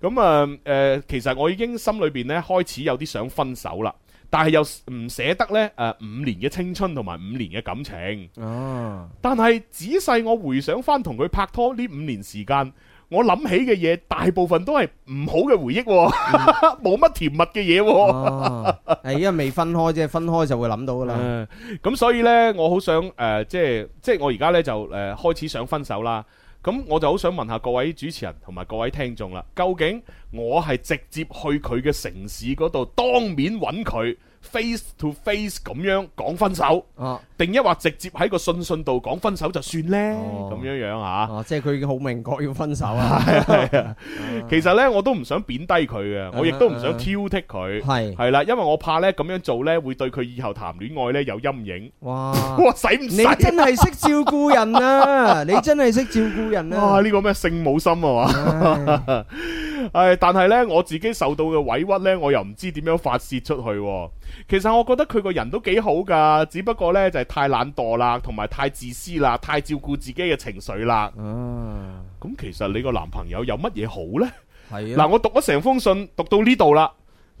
咁 啊，誒、呃，其實我已經心裏邊呢，開始有啲想分手啦。但係又唔捨得呢誒、呃、五年嘅青春同埋五年嘅感情。哦、啊！但係仔細我回想返同佢拍拖呢五年時間，我諗起嘅嘢大部分都係唔好嘅回憶，哦，冇乜，嗯、 甜蜜嘅嘢。哦，係因為未分開即係，分開就會諗到噶啦。咁、嗯、所以呢，我好想誒、呃，即係即係我而家呢，就誒、呃、開始想分手啦。咁我就好想問下各位主持人同埋各位聽眾啦，究竟我係直接去佢嘅城市嗰度當面揾佢，face to face 咁樣講分手，定一話直接喺個信信度講分手就算呢？咁樣樣啊，即係佢已經好明確要分手啊。其實呢，我都唔想貶低佢嘅，我亦都唔想挑剔佢，係係啦，因為我怕呢，咁樣做呢，會對佢以後談戀愛呢有陰影。哇，使唔使？你真係識照顧人啊！你真係識照顧人啊！呢個咩聖母心啊？哇！但係呢，我自己受到嘅委屈呢，我又唔知點樣發洩出去。其實我覺得佢個人都幾好噶，只不過呢就係、是、太懶惰啦，同埋太自私啦，太照顧自己嘅情緒啦。啊，咁其實你個男朋友有乜嘢好呢？嗱是、啊，我讀咗成封信，讀到呢度啦。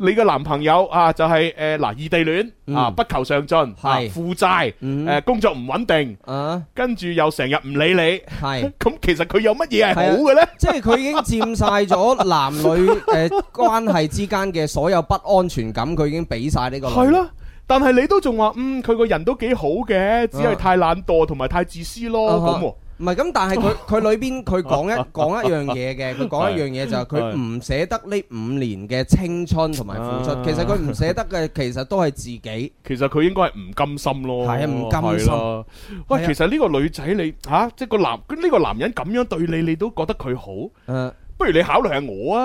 你嘅男朋友啊，就係誒嗱異地戀啊，不求上進，係、啊、負債，誒、嗯、工作唔穩定，啊，跟住又成日唔理你，係咁、啊、 其實佢有乜嘢係好嘅呢？啊、即係佢已經佔晒咗男女誒關係之間嘅所有不安全感，佢已經俾晒呢個係啦、啊。但係你都仲話，嗯，佢個人都幾好嘅，只係太懶惰同埋太自私咯咁、啊啊啊唔係咁，但係佢佢裏邊佢講一 講一樣嘢嘅，佢講一樣嘢就係佢唔捨得呢五年嘅青春同埋付出。啊、其實佢唔捨得嘅，其實都係自己。啊、其實佢應該係唔甘心咯。係啊，唔甘心。喂了了、啊，其實呢個女仔你嚇、啊，即係個男，呢、呢個男人咁樣對你，你都覺得佢好。嗯、啊，不如你考慮下我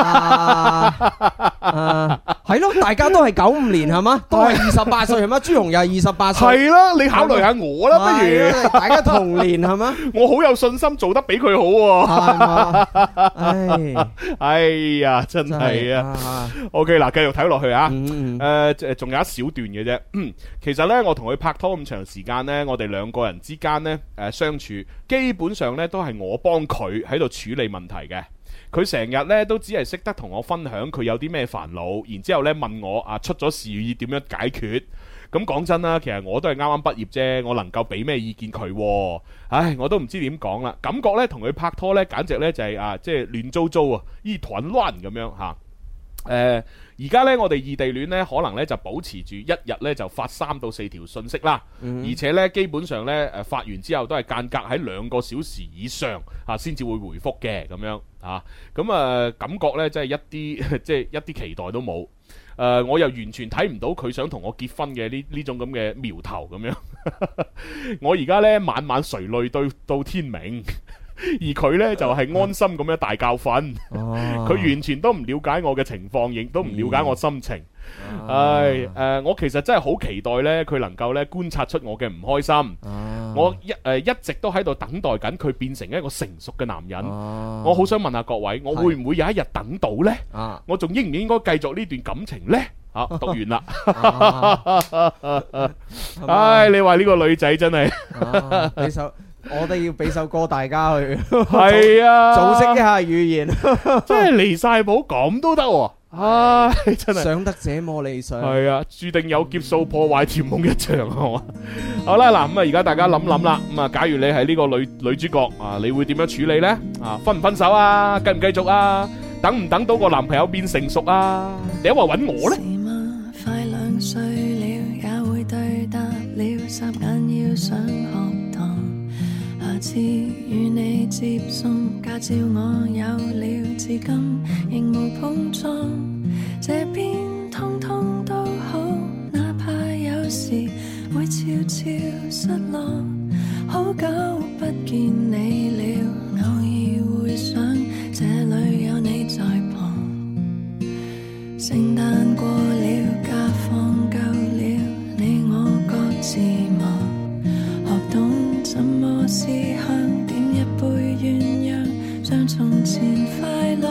啊。係咯，大家都係九五年係嗎？都係二十八歲係嗎？朱紅又係二十八歲。係啦，你考慮下我啦，不如的麼大家同年係嗎？我好有信心做得比佢好，啊。 哎呀，真係啊！OK，嗱，繼續睇落去啊。誒，嗯嗯，仲，呃、有一小段嘅啫。。 其實呢，我同佢拍拖咁長時間呢，我哋兩個人之間呢，誒，呃、相處，基本上呢，都係我幫佢喺度處理問題嘅。佢成日咧都只係識得同我分享佢有啲咩煩惱，然之後咧問我啊出咗事要點樣解決？咁、嗯、講真啦，其實我都係啱啱畢業啫，我能夠俾咩意見佢、啊？唉，我都唔知點講啦，感覺咧同佢拍拖咧，簡直咧就係、是、啊，即係亂糟糟團亂啊，一團亂咁樣嚇，誒。而家呢，我哋異地戀呢，可能呢就保持住一日呢，就發三到四條信息啦，嗯、哼而且呢，基本上呢，誒發完之後都係間隔喺兩個小時以上啊，先至會回覆嘅咁樣啊，咁啊、呃、感覺呢，真 係一啲即係一啲期待都冇，誒、呃、我又完全睇唔到佢想同我結婚嘅呢呢種咁嘅苗頭咁樣， 我而家呢，晚晚垂淚對到天明。而佢呢就係安心咁樣大教訓，佢完全都唔了解我嘅情況，亦都唔了解我心情。唉，誒，我其實真係好期待呢，佢能夠呢觀察出我嘅唔開心。我一誒一直都喺度等待緊佢變成一個成熟嘅男人。我好想問下各位，我會唔會有一日等到呢？我仲應唔應該繼續呢段感情呢？吓，讀完啦。唉，你話呢個女仔真係。你首。我都要俾首歌大家去，係啊，組織一下語言，真係離晒譜，咁都得啊！真係想得這麼理想，係啊，注定有劫數破壞甜夢一場，係嘛？好啦，嗱，咁啊，而家大家諗諗啦，咁啊，假如你係呢個女女主角啊，你會點樣處理咧？啊，分唔分手啊？繼唔繼續啊？等唔等到個男朋友變成熟啊？點解話搵我咧？次與你接送，駕照我有了，至今仍無碰撞，這邊通通都好，哪怕有時會悄悄失落。好久不見你了，偶爾會想這裏有你在旁。聖誕過了，假放夠了，你我各自。怎麼思鄉？點一杯鴛鴦，像從前快樂。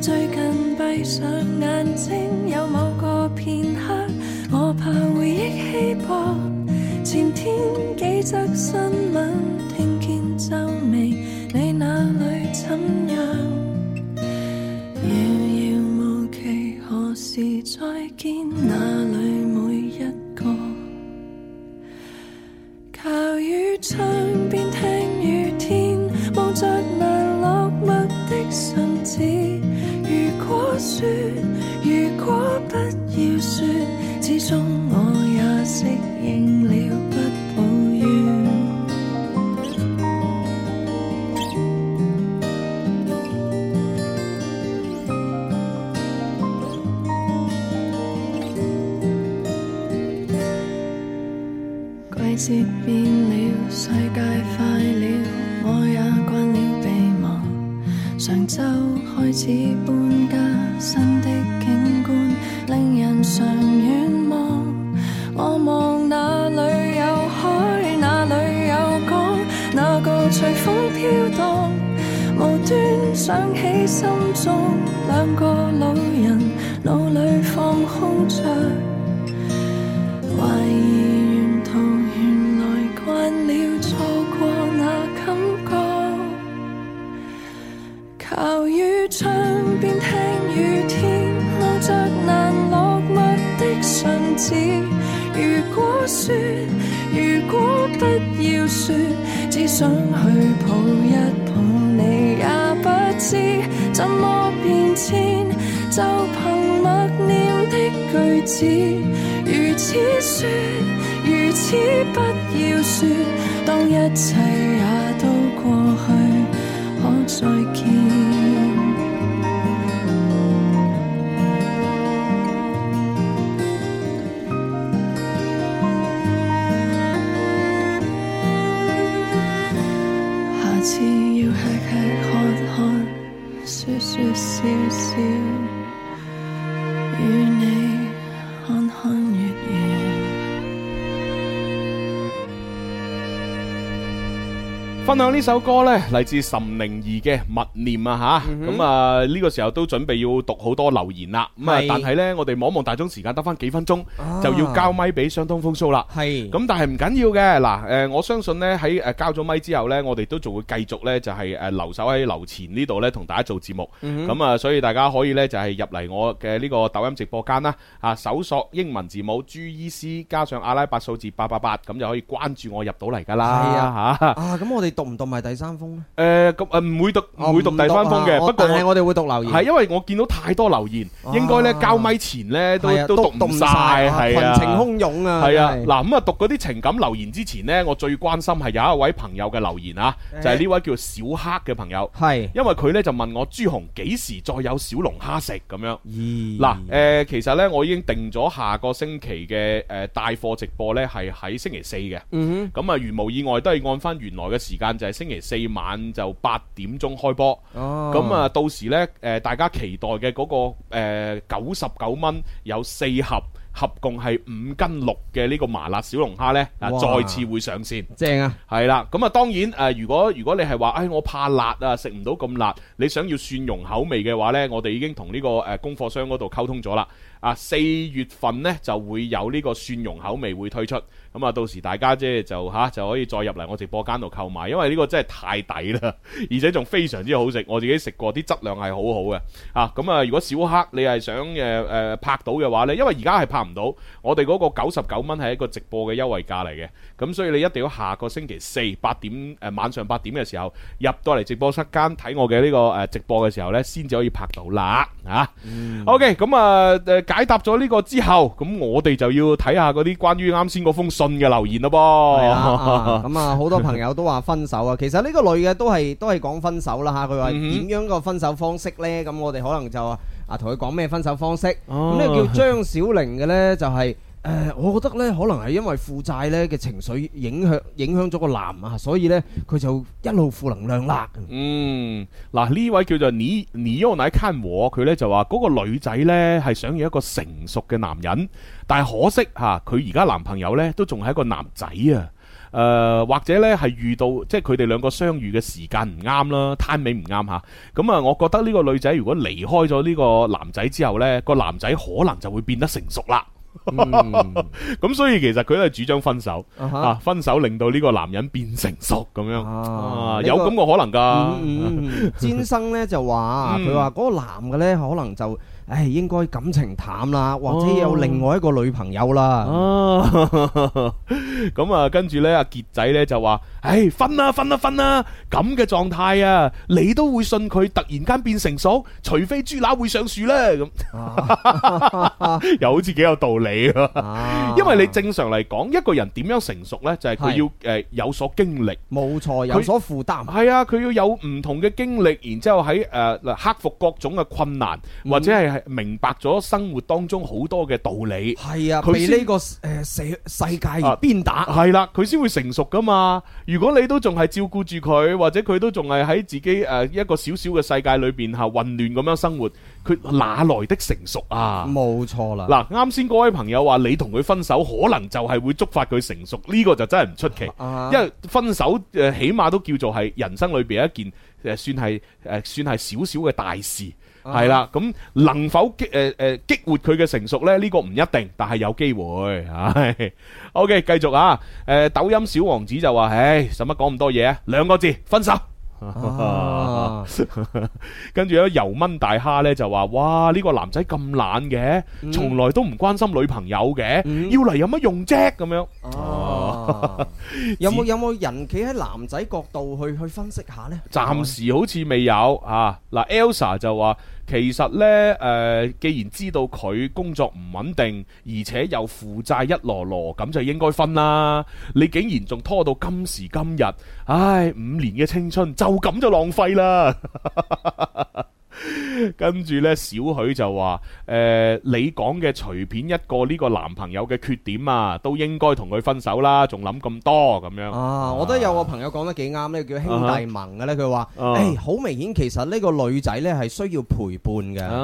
最近閉上眼睛，有某個片刻，我怕回憶稀薄。前天幾則新聞，聽見皺眉，你那裏怎樣？呢、嗯、首歌咧嚟自岑寧兒嘅《默念》啊，吓咁、嗯、哼啊呢、呢個時候都準備要讀好多留言啦。咁啊是，但係咧，我哋望一望，大鐘時間得返幾分鐘。啊就要交咪俾相當風騷啦，咁但係唔緊要嘅嗱，誒我相信咧喺誒交咗咪之後咧，我哋都仲會繼續咧就係誒留守喺樓前呢度咧同大家做節目，咁啊所以大家可以咧就係入嚟我嘅呢個抖音直播間啦，啊搜索英文字母 GEC 加上阿拉伯數字八八八，咁就可以關注我入到嚟噶啦，嚇啊咁我哋讀唔讀埋第三封咧？誒咁誒唔會讀，唔會讀第三封嘅，不過我哋會讀留言，係因為我見到太多留言，應該咧交咪前咧都都讀唔曬係。群情洶湧啊！係啊，嗱咁啊，讀嗰啲情感留言之前呢，我最關心係有一位朋友嘅留言啊，欸、就係呢位叫小黑嘅朋友，係是因為佢呢，就問我朱紅幾時再有小龍蝦食咁樣。嗱誒、嗯呃，其實呢，我已經定咗下個星期嘅誒帶貨直播呢，係喺星期四嘅。嗯咁哼啊，如無意外都係按返原來嘅時間，就係、是、星期四晚就八點鐘開波。哦。咁啊，到時呢，誒、呃，大家期待嘅嗰、那個九十九蚊有四盒。合共係五斤六嘅呢個麻辣小龍蝦呢，啊哇再次會上線，正啊，係啦，咁啊當然誒，如果如果你係話，誒、哎、我怕辣啊，食唔到咁辣，你想要蒜蓉口味嘅話呢，我哋已經同呢、呢個誒供貨商嗰度溝通咗啦，啊、呃、四月份呢，就會有呢個蒜蓉口味會推出。咁啊，到時大家即係就吓，就可以再入嚟我直播間度購買，因為呢個真係太抵啦，而且仲非常之好食。我自己食過，啲質量係好好嘅。啊，咁啊，如果小黑你係想誒誒、呃、拍到嘅話咧，因為而家係拍唔到，我哋嗰個九十九蚊係一個直播嘅優惠價嚟嘅。咁所以你一定要下個星期四八點誒、呃、晚上八點嘅時候入到嚟直播室間睇我嘅呢個誒直播嘅時候咧，先至可以拍到啦。吓、啊嗯、OK，咁啊誒解答咗呢個之後，咁我哋就要睇下嗰啲關於啱先嗰封信嘅留言咯噃，咁啊好多朋友都話分手啊，其實呢個女嘅都係都係講分手啦吓，佢話點樣個分手方式咧？咁我哋可能就啊同佢講咩分手方式？咁呢個叫張小玲嘅咧就係、是。誒、呃，我覺得咧，可能係因為負債咧嘅情緒影響影響咗個男啊，所以咧佢就一路負能量啦。嗯，嗱呢位叫做 Neal Neal Knight，佢咧就話嗰個女仔咧係想要一個成熟嘅男人，但係可惜吓，佢而家男朋友咧都仲係一個男仔啊。誒、呃，或者咧係遇到即係佢哋兩個相遇嘅時間唔啱啦 timing 唔啱吓。咁啊，我覺得呢個女仔如果離開咗呢個男仔之後咧，個男仔可能就會變得成熟啦。咁、嗯、 所以其實佢都係主張分手啊，哈啊，分手令到呢個男人變成熟咁樣啊，啊這個、有咁個可能噶、嗯。詹、 嗯、生呢就話，佢話嗰個男嘅呢可能就。誒，應該感情淡啦，或者有另外一個女朋友啦。哦，咁啊，跟住呢，阿杰仔呢就話：唉，分啦，分啦，分啦，咁嘅狀態啊，你都會信佢突然間變成熟，除非豬乸會上樹啦。咁，又好似幾有道理。啊，因為你正常嚟講，一個人點樣成熟呢，就係佢要誒有所經歷，冇錯，有所負擔。係啊，佢要有唔同嘅經歷，然之後喺誒克服各種嘅困難，或者係。明白咗生活當中好多嘅道理，係啊，俾呢才、這個誒、呃、世界而、啊、鞭打，係啦、啊，佢先會成熟噶嘛。如果你都仲係照顧住佢，或者佢都仲係喺自己誒一個小小嘅世界裏邊吓混亂咁樣生活，佢哪來的成熟啊？冇錯啦。嗱、啊，啱先嗰位朋友話你同佢分手，可能就係會觸發佢成熟，呢、這個就真係唔出奇。啊、因為分手誒起碼都叫做係人生裏邊一件誒算係誒算係小小嘅大事。係啦，咁能否激誒誒激活佢嘅成熟咧？呢個唔一定，但係有機會吓。OK，繼續啊！誒，抖音小王子就話：唉，使乜講咁多嘢啊？兩個字，分手。啊，跟住咧油燜大蝦咧就話，哇呢、呢個男仔咁懶嘅，從、嗯、來都唔關心女朋友嘅，嗯、要嚟有乜用啫？咁樣，啊、 有冇有冇人企喺男仔角度去去分析下呢？暫時好似未有啊！嗱，Elsa 就話。其實呢，誒、呃，既然知道佢工作唔穩定，而且又負債一籮籮，咁就應該分啦。你竟然仲拖到今時今日，唉，五年嘅青春就咁就浪費啦。 跟住呢，小許就話：誒、呃，你講嘅隨便一個呢個男朋友嘅缺點啊，都應該同佢分手啦，仲諗咁多咁樣啊！我都有個朋友講得幾啱咧，叫兄弟盟嘅咧，佢話：誒，好明顯其實呢個女仔呢係需要陪伴嘅。啊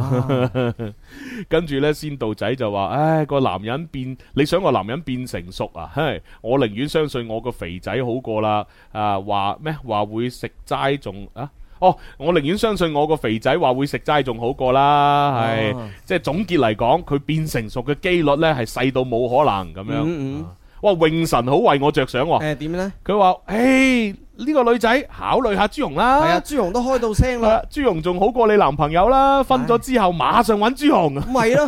啊、 跟住呢，先道仔就話：唉，個男人變，你想個男人變成熟啊？嘿，我寧願相信我個肥仔好過啦。啊，話咩？話會食齋仲啊？啊啊啊啊啊啊哦，我寧願相信我個肥仔話會食齋仲好過啦，係、啊、即係總結嚟講，佢變成熟嘅機率呢係細到冇可能咁樣。嗯嗯哇！泳神好為我着想喎。誒、呃，點咧？佢話：誒、欸，呢、這個女仔考慮下朱紅啦。係啊，朱紅都開到聲啦、呃。朱紅仲好過你男朋友啦。分咗之後馬上搵朱紅。咪咯，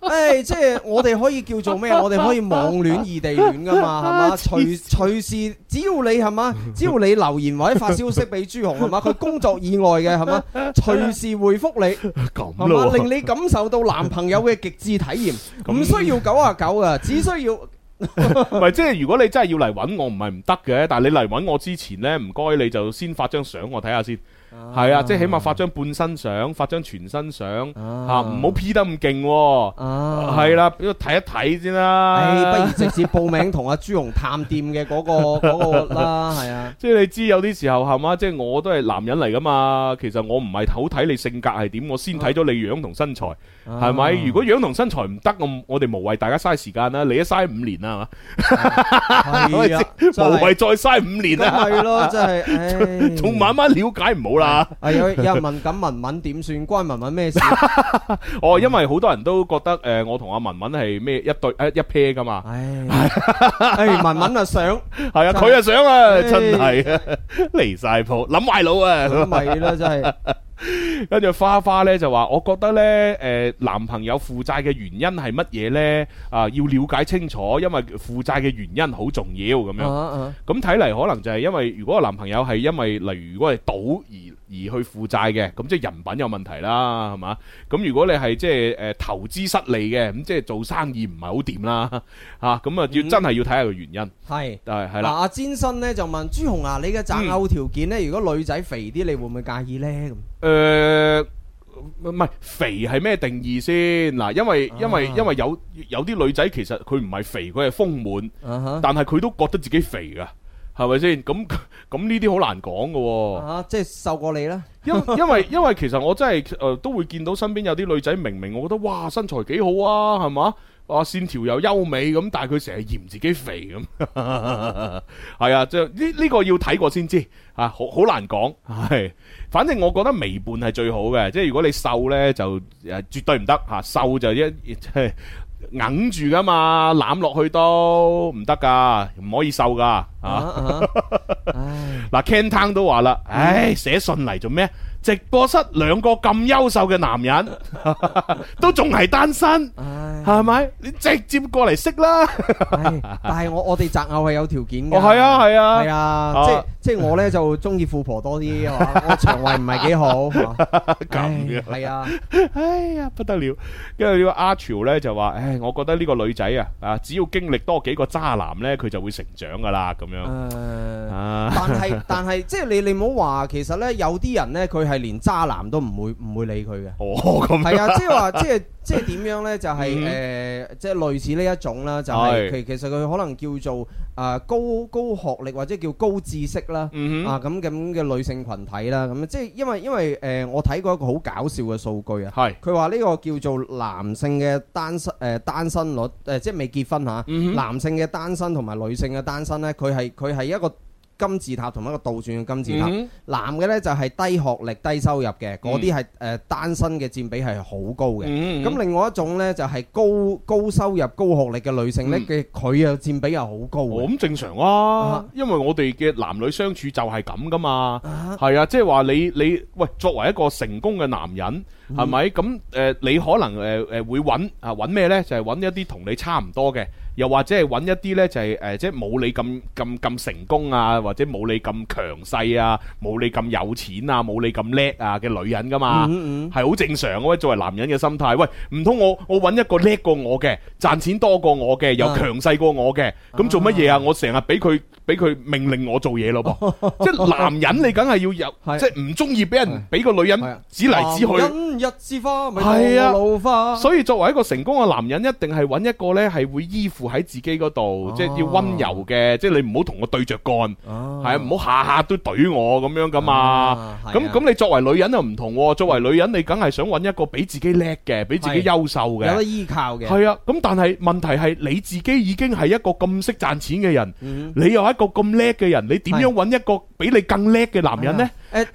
誒，即係我哋可以叫做咩？ 我哋可以網戀異地戀噶嘛？係嘛？ 隨隨時，只要你係嘛，只要你留言或者發消息俾朱紅係嘛，佢工作以外嘅係嘛，隨時回覆你，係嘛、啊，令你感受到男朋友嘅極致體驗，唔需要九啊九啊，只需要。唔係， 即係如果你真係要嚟揾我，唔係唔得嘅。但係你嚟揾我之前咧，唔該你就先發張相我睇下先。係啊，即係起碼發張半身相，發張全身相，吓，唔好 P 得咁勁。係啦，俾佢睇一睇先啦。不如直接報名同阿朱紅探店嘅，嗰個嗰個啦，係啊。即係你知有啲時候，係嘛，即係我都係男人嚟噶嘛。其實我唔係好睇你性格係點，我先睇咗你樣同身材，係咪？如果樣同身材唔得，我我哋無謂大家嘥時間啦。你一嘥五年啦，係嘛？無謂再嘥五年啦。係咯，真係，仲慢慢了解唔好。啦，係有有人問緊文文點算？關文文咩事？ 哦，因為好多人都覺得誒，我同阿文文係咩一對一 pair 噶嘛。唉、哎，唉、 哎，文文啊想，係啊，佢啊、就是、想啊，真係、哎、啊，離晒譜，諗壞腦啊，咪、就、啦、是，真係。跟住花花咧，就話，我覺得呢誒、呃，男朋友負債嘅原因係乜嘢呢？啊、呃，要了解清楚，因為負債嘅原因好重要咁樣。咁睇嚟，啊、可能就係因為如果個男朋友係因為例如，如果係賭而。而去負債嘅，咁即係人品有問題啦，係嘛？咁如果你係即係誒、呃、投資失利嘅，咁即係做生意唔係好掂啦，嚇咁啊，要、嗯、真係要睇下個原因。係係是啦。嗱、啊，阿詹生咧就問朱紅啊，你嘅擇偶條件咧，嗯、如果女仔肥啲，你會唔會介意咧？咁誒唔係肥係咩定義先嗱？因為因為、啊、因為有有啲女仔其實佢唔係肥，佢係豐滿，啊、但係佢都覺得自己肥噶。係咪先？咁咁呢啲好難講㗎喎。啊，即係瘦過你啦。因 因為因為其實我真係誒、呃、都會見到身邊有啲女仔，明明我覺得哇身材幾好啊，係嘛？啊，線條又優美咁，但係佢成日嫌自己肥咁。係 啊，即係呢呢個要睇過先知啊，好好難講。係，反正我覺得微胖係最好嘅，即係如果你瘦呢，就誒、啊、絕對唔得吓，瘦就一即係。啊 揞住噶嘛，攬落去都唔得噶，唔可以瘦噶嚇。嗱，Ken Tang 都話啦，唉、哎，寫信嚟做咩？直播室兩個咁優秀嘅男人，都仲係單身，係咪？你直接過嚟識啦！但係我我哋擇偶係有條件嘅，係啊係啊，係啊！即係即係我咧就中意富婆多啲，啊我腸胃唔係幾好，咁嘅係啊！哎呀，不得了！跟住呢個阿喬咧就話，誒我覺得呢個女仔啊，啊，只要經歷多幾個渣男咧，佢就會成長噶啦，咁樣。但係但係，即係你你唔好話，其實咧有啲人咧佢。係連渣男都唔會唔會理佢嘅。哦，咁係啊，即係話，即係即係點樣呢？就係誒，即係類似呢一種啦，就係其其實佢可能叫做啊高高學歷或者叫高知識啦。嗯哼。啊咁咁嘅女性群體啦，咁即係因為因為誒我睇過一個好搞笑嘅數據啊。係。佢話呢個叫做男性嘅單身誒單身率誒即係未結婚吓。嗯哼。男性嘅單身同埋女性嘅單身呢，佢係佢係一個。金字塔同一個倒轉嘅金字塔，嗯、哼男嘅呢就係、是、低學歷、低收入嘅，嗰啲係誒單身嘅佔比係好高嘅。咁、嗯、哼另外一種呢，就係、是、高高收入、高學歷嘅女性呢，嘅佢又占比又好高。咁正常啊，啊因為我哋嘅男女相處就係咁噶嘛，係啊，即係話你你,你喂，作為一個成功嘅男人，係咪咁誒？嗯、你可能誒誒會揾啊揾咩呢？就係、是、揾一啲同你差唔多嘅。又或者係揾一啲咧，就係誒，即係冇你咁咁咁成功啊，或者冇你咁強勢啊，冇你咁有錢啊，冇你咁叻啊嘅女人噶嘛，係好正常嘅喂，作為男人嘅心態，喂，唔通我我揾一個叻過我嘅，賺錢多過我嘅，又強勢過我嘅，咁做乜嘢啊？我成日俾佢俾佢命令我做嘢咯噃，即係男人你梗係要有，即係唔中意俾人俾個女人指嚟指去。男人一枝花，係啊，所以作為一個成功嘅男人，一定係揾一個咧係會依。喺自己度，即係要溫柔嘅，啊、即係你唔好同我對着幹，係啊，啊，唔好下下都懟我咁樣噶嘛。咁咁、啊啊、你作為女人又唔同、啊，作為女人你梗係想揾一個比自己叻嘅，比自己優秀嘅，有得依靠嘅。係啊，咁但係問題係你自己已經係一個咁識賺錢嘅人，嗯、人，你又係一個咁叻嘅人，你點樣揾一個？比你更叻嘅男人呢？誒，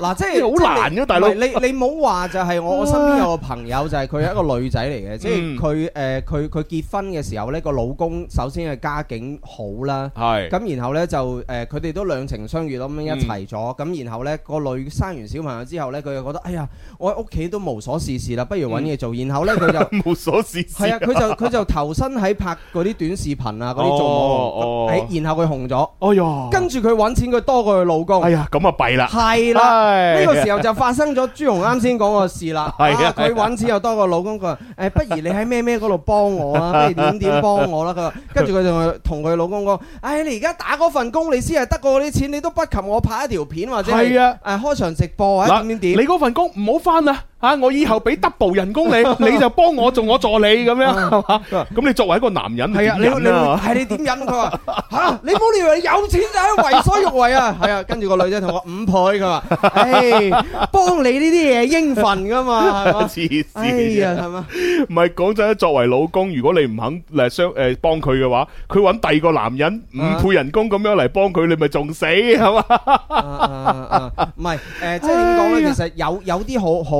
嗱，即係好難啊，大佬。你你冇話就係我我身邊有個朋友，就係佢係一個女仔嚟嘅，即係佢誒佢佢結婚嘅時候呢個老公首先係家境好啦，咁然後呢就誒佢哋都兩情相悅咁樣一齊咗，咁然後呢個女生完小朋友之後呢，佢就覺得哎呀我喺屋企都無所事事啦，不如揾嘢做。然後呢，佢就無所事事，係啊，佢就佢就投身喺拍嗰啲短視頻啊嗰啲做。然後佢紅咗，跟住佢揾錢多過佢老公，哎呀，咁啊弊啦，係啦，呢個時候就發生咗朱紅啱先講個事啦，係啊，佢搵錢又多過老公，佢話，誒，不如你喺咩咩嗰度幫我啊，不如點點幫我啦，佢跟住佢就同佢老公講，哎，你而家打嗰份工，你先係得過啲錢，你都不及我拍一條片或者係，係啊，誒，開場直播或者點點點，你嗰份工唔好返啦，吓，我以後俾 double 人工你，你就幫我做我助理咁樣，係嘛，咁你作為一個男人，係啊，你你係你點忍佢啊，吓，你唔好以為你有錢就係為所欲為啊。啊，係啊，跟住個女仔同我五倍，佢話，哎，幫你呢啲嘢應份噶嘛，係嘛？黐線嘅，係嘛？唔係講真，作為老公，如果你唔肯嚟相誒幫佢嘅話，佢搵第二個男人五倍人工咁樣嚟幫佢，你咪仲死係嘛？唔係誒，即係點講咧？其實有有啲好好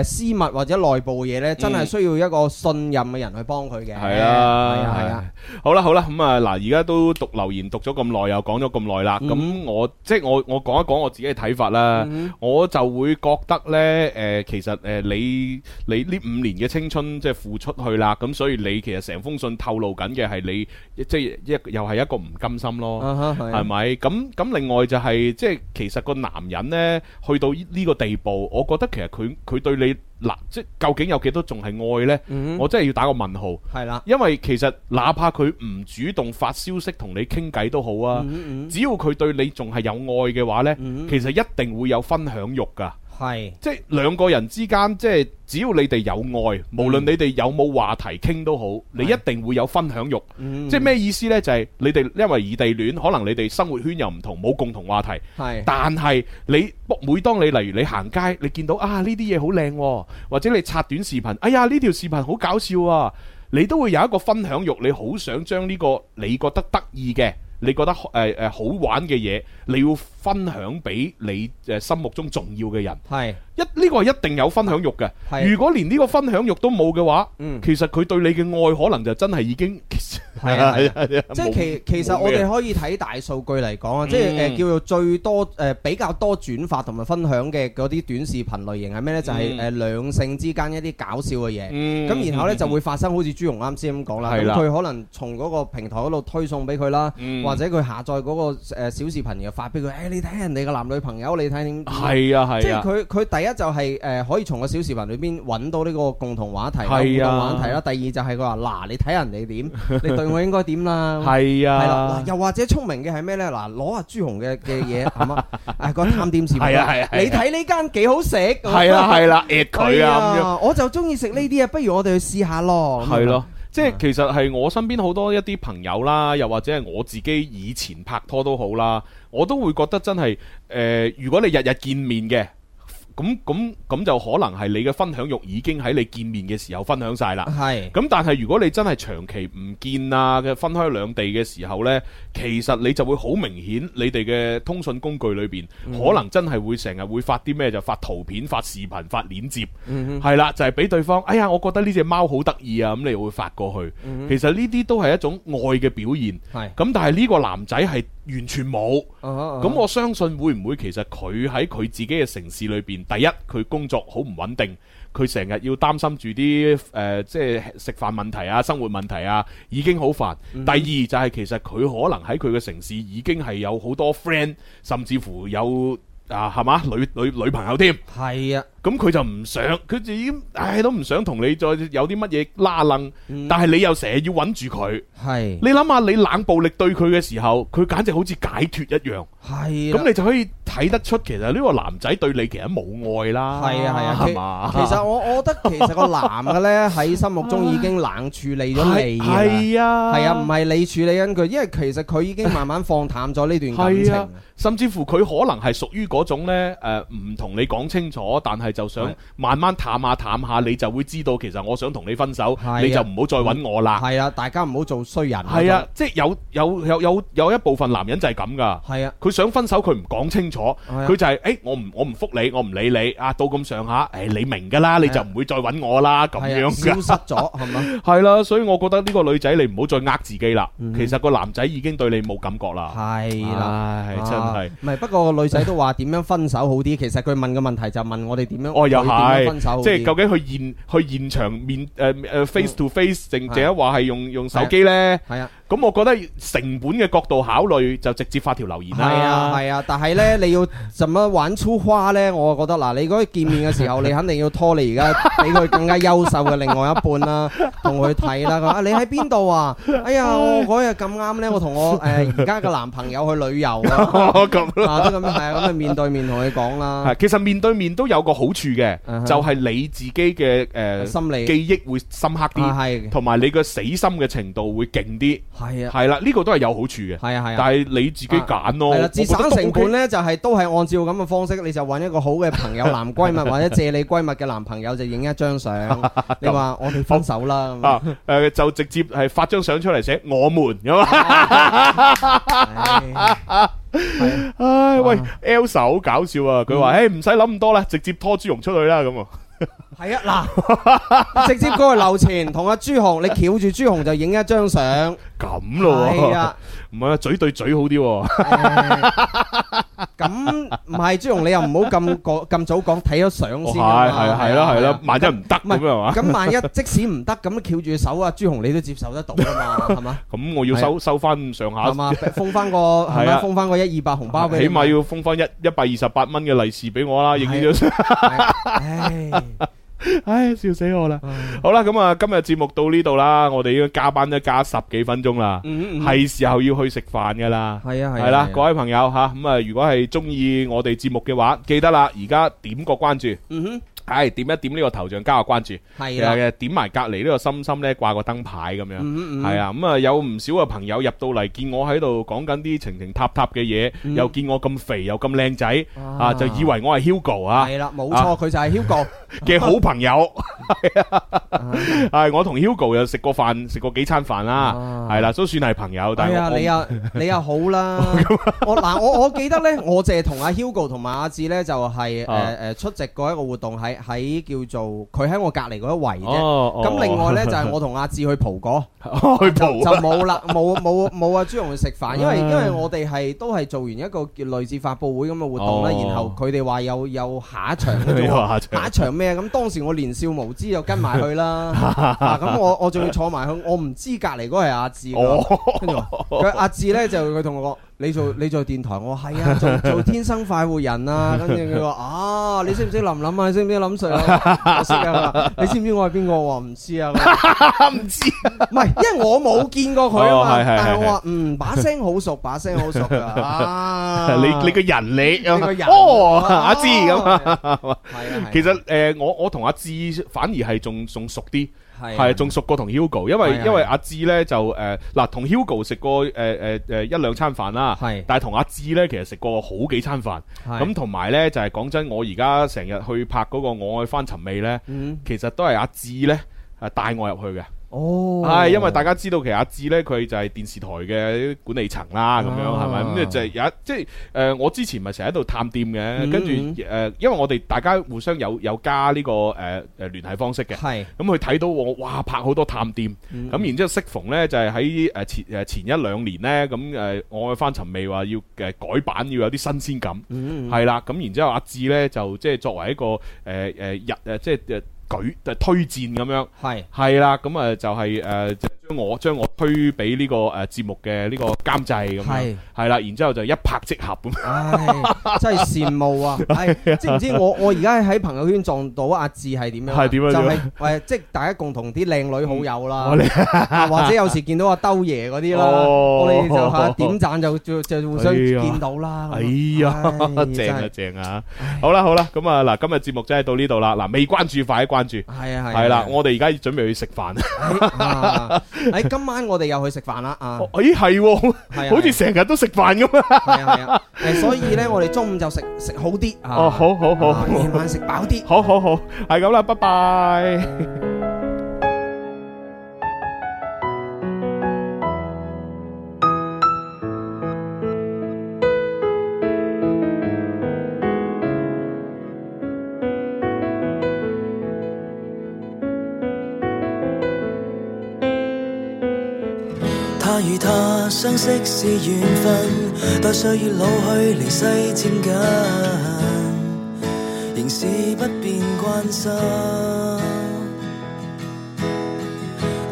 誒私密或者內部嘢咧，真係需要一個信任嘅人去幫佢嘅。係啊，係啊，好啦，好啦，咁啊嗱，而家都讀留言讀咗咁耐，又講咗咁耐啦，咁我。即係我我講一講我自己嘅睇法啦，嗯、哼我就會覺得呢，誒、呃，其實誒，你你呢五年嘅青春即係付出去啦，咁所以你其實成封信透露緊嘅係你，即係一又係一個唔甘心咯，係咪、嗯？咁咁另外就係、是、即係其實個男人呢去到呢個地步，我覺得其實佢佢對你。嗱，即究竟有幾多仲係愛呢？嗯、哼我真係要打個問號。係啦的，因為其實哪怕佢唔主動發消息同你傾偈都好啊，嗯嗯只要佢對你仲係有愛嘅話呢，嗯、哼其實一定會有分享欲噶。係，是即係兩個人之間，即係只要你哋有愛，嗯、無論你哋有冇話題傾都好，是你一定會有分享欲。嗯、即係咩意思呢？就係、是、你哋因為異地戀，可能你哋生活圈又唔同，冇共同話題。係是，但係你每當你例如你行街，你見到啊呢啲嘢好靚，或者你刷短視頻，哎呀呢條視頻好搞笑啊，你都會有一個分享欲，你好想將呢個你覺得得意嘅。你覺得誒誒好玩嘅嘢，你要分享俾你誒心目中重要嘅人。係一呢個係一定有分享欲嘅。係，如果連呢個分享欲都冇嘅話，嗯，其實佢對你嘅愛可能就真係已經係啊係啊！即係其其實我哋可以睇大數據嚟講啊，即係誒叫做最多誒比較多轉發同埋分享嘅嗰啲短視頻類型係咩呢？就係誒兩性之間一啲搞笑嘅嘢。嗯，咁然後呢，就會發生好似朱紅啱先咁講啦。係啦，佢可能從嗰個平台嗰度推送俾佢啦。或者佢下載嗰個小視頻然後發俾佢，誒你睇下人哋個男女朋友，你睇點？係啊係啊！即係佢佢第一就係誒可以從個小視頻裏邊揾到呢個共同話題、係啊，話題啦。第二就係佢話嗱，你睇下人哋點，你對我應該點啦？係啊！係啦。又或者聰明嘅係咩咧？嗱，攞阿朱紅嘅嘅嘢咁啊，誒個探店視頻係啊係啊，你睇呢間幾好食？係啊係啦 a 佢啊！我就中意食呢啲啊，不如我哋去試下咯。係咯。即係其實係我身邊好多一啲朋友啦，又或者係我自己以前拍拖都好啦，我都會覺得真係誒、呃，如果你日日見面嘅。咁咁咁就可能係你嘅分享欲已經喺你見面嘅時候分享晒啦。係是。咁但係如果你真係長期唔見啊嘅分開兩地嘅時候呢，其實你就會好明顯，你哋嘅通訊工具裏邊、嗯、可能真係會成日會發啲咩就是、發圖片、發視頻、發鏈接，係、嗯、哼啦，就係、是、俾對方。哎呀，我覺得呢隻貓好得意啊，咁你會發過去。嗯、哼其實呢啲都係一種愛嘅表現。係是。咁但係呢個男仔係。完全冇，咁、uh huh, uh huh. 我相信會唔會其實佢喺佢自己嘅城市裏邊，第一佢工作好唔穩定，佢成日要擔心住啲誒，即係食飯問題啊、生活問題啊，已經好煩。Mm hmm. 第二就係其實佢可能喺佢嘅城市已經係有好多 friend，甚至乎有啊，係咪女女女朋友添？係啊。咁佢就唔想，佢自己唉都唔想同你再有啲乜嘢拉楞，嗯、但係你又成日要揾住佢。係是你諗下，你冷暴力對佢嘅時候，佢簡直好似解脫一樣。係、啊，咁你就可以睇得出，其實呢個男仔對你其實冇愛啦。係啊係啊，啊吧其實我我覺得，其實個男嘅咧喺心目中已經冷處理咗你。係啊，係啊，唔係、啊、你處理緊佢，因為其實佢已經慢慢放淡咗呢段感情，啊、甚至乎佢可能係屬於嗰種咧，誒唔同你講清楚，但係。就想慢慢淡下淡下，你就會知道其實我想同你分手，你就唔好再揾我啦。係啊，大家唔好做衰人。係啊，即係有有有有有一部分男人就係咁㗎。係啊，佢想分手佢唔講清楚，佢就係誒我唔我唔覆你，我唔理你，啊到咁上下誒，你明㗎啦，你就唔會再揾我啦咁樣。消失咗係咪？係啦，所以我覺得呢個女仔你唔好再呃自己啦。其實個男仔已經對你冇感覺啦。係啦，真係。唔係不過個女仔都話點樣分手好啲？其實佢問嘅問題就問我哋點。哦，又係分手，即係究竟去現去現場面誒誒 face to face 定定一話係用用手機咧？係啊。咁我覺得成本嘅角度考慮，就直接發條留言啦。係啊，係啊。但係咧，你要怎麼玩粗花咧？我覺得嗱，你如果見面嘅時候，你肯定要拖你而家比佢更加優秀嘅另外一半啦，同佢睇啦。啊，你喺邊度啊？哎呀，我嗰日咁啱咧，我同我誒而家嘅男朋友去旅遊啊，咁啊，咁樣，係啊，咁啊面對面同佢講啦。係，其實面對面都有個好處嘅就係你自己嘅誒心理記憶會深刻啲，同埋你個死心嘅程度會勁啲，係啊，係啦，呢個都係有好處嘅，係啊，係啊，但係你自己揀咯，係啦，自省成本咧就係都係按照咁嘅方式，你就揾一個好嘅朋友、男閨蜜或者借你閨蜜嘅男朋友就影一張相，你話我哋分手啦，誒，就直接係發張相出嚟，寫我們咁唉、哎、喂、啊，Elsa 好搞笑啊，佢話誒唔使諗咁多啦，直接拖豬融出去啦咁啊。 係啊，嗱，直接過去劉前同阿朱紅，你翹住朱紅就影一張相，咁咯，係啊，唔係啊，嘴對嘴好啲，咁唔係朱紅，你又唔好咁講咁早講，睇咗相先，係係係啦係啦，萬一唔得咩？咁萬一即使唔得咁翹住手啊，朱紅你都接受得到噶嘛，係嘛？咁我要收收翻上下，係嘛？封翻個係啊，封翻個一二百紅包俾，起碼要封翻一一百二十八蚊嘅利是俾我啦，影咗張相唉。唉，笑死我啦！嗯、好啦，咁、嗯、啊，今日節目到呢度啦，我哋要加班都加十幾分鐘啦，係、嗯嗯、時候要去食飯噶啦，係啊，係啦，各位朋友吓，咁啊，如果係中意我哋節目嘅話，記得啦，而家點個關注。嗯哼係點一點呢個頭像加下關注，係啊，點埋隔籬呢個心心咧，掛個燈牌咁樣，係啊咁啊有唔少嘅朋友入到嚟見我喺度講緊啲情情塔塔嘅嘢，又見我咁肥又咁靚仔，啊就以為我係 Hugo 啊，係啦冇錯，佢就係 Hugo 嘅好朋友，係我同 Hugo 又食過飯食過幾餐飯啦，係啦都算係朋友，但係你又你又好啦，我嗱我我記得咧我淨係同阿 Hugo 同埋阿志咧就係誒誒出席過一個活動喺。喺叫做佢喺我隔籬嗰一圍啫、哦，咁、哦、另外呢抱， 就係我同阿志去蒲過，去蒲就冇啦，冇冇冇阿朱蓉去食飯，因為因為我哋係都係做完一個類似發布會咁嘅活動啦，哦、然後佢哋話有又下一場， 下,場下一場咩咁、嗯？當時我年少無知就跟埋去啦，咁、 啊嗯、我我仲要坐埋去，我唔知隔籬嗰個係阿志，跟、哦、 阿志呢，就佢同我講。你做你做電台，我係啊做做天生快活人啊，跟住佢話啊，你識唔識林琳啊？你識唔識林 sir 啊？我識啊，你知唔知我係邊個？唔知啊，唔知，唔係，因為我冇見過佢啊。但係我話嗯，把聲好熟，把聲好熟啊，你你個人你哦，阿志咁係啊，其實誒，我我同阿志反而係仲仲熟啲。係，仲熟過同 Hugo，因為是是是因為阿志呢就誒，嗱、呃、同 Hugo 食過誒誒誒一兩餐飯啦，是是但係同阿志呢其實食過好幾餐飯，咁同埋呢就係、是、講真，我而家成日去拍嗰個我愛返尋味呢，其實都係阿志呢誒帶我入去嘅。哦，係，因為大家知道其實阿志呢，佢就係電視台嘅管理層啦，咁樣係咪？咁就有即係誒，我之前咪成日喺度探店嘅，跟住誒，因為我哋大家互相有有加呢個誒誒聯繫方式嘅，咁佢睇到我哇拍好多探店，咁然之後適逢呢，就係喺誒前誒前一兩年呢。咁誒我嘅翻尋味話要誒改版要有啲新鮮感，係啦，咁然之後阿志呢，就即係作為一個誒誒日誒即係。推就推薦咁樣，係係啦，咁啊就係誒，將我將我推俾呢個誒節目嘅呢個監製咁樣，係啦，然之後就一拍即合咁。唉，真係羨慕啊！知唔知我我而家喺朋友圈撞到阿志係點樣？係點樣？就係即係大家共同啲靚女好友啦，或者有時見到阿兜爺嗰啲啦，我哋就吓點讚就就就互相見到啦。哎呀，正啊正啊！好啦好啦，咁啊嗱，今日節目真係到呢度啦。嗱，未關注快啲關住係啊，係係啦，我哋而家要準備去食飯。誒今晚我哋又去食飯啦啊！誒係，好似成日都食飯咁啊！誒，所以咧，我哋中午就食食好啲啊！哦，好好好，夜晚食飽啲，好好好，係咁啦，拜拜。她相識是緣分，待歲月老去，離世漸近，仍是不變關心。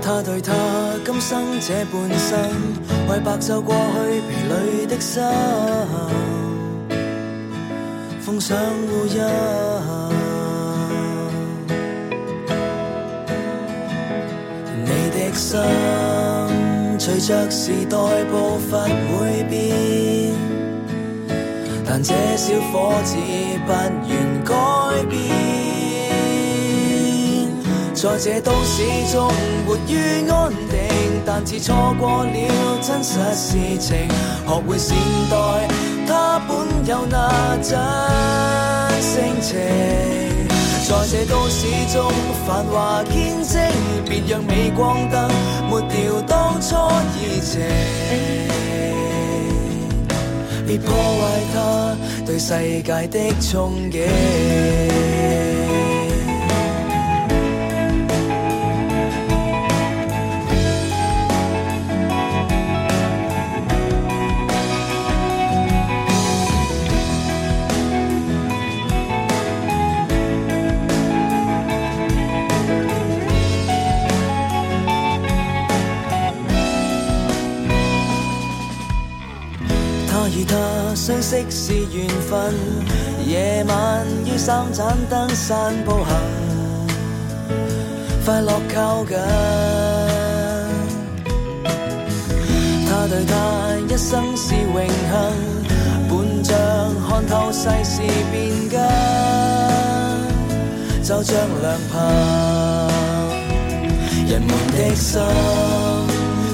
她對她今生這半生，為白晝過去疲累的心，奉上護蔭。你的心。隨着時代步伐會變，但這小伙子不願改變。在這都市中活於安定，但似錯過了真實事情。學會善待他本有那真性情。在這都市中，繁華見證，別讓鎂光燈抹掉當初熱情，別破壞它對世界的憧憬。相識是緣份，夜晚於三盞燈散步行，快樂靠近。他對她一生是榮幸，半張看透世事變更，就像良朋，人們的心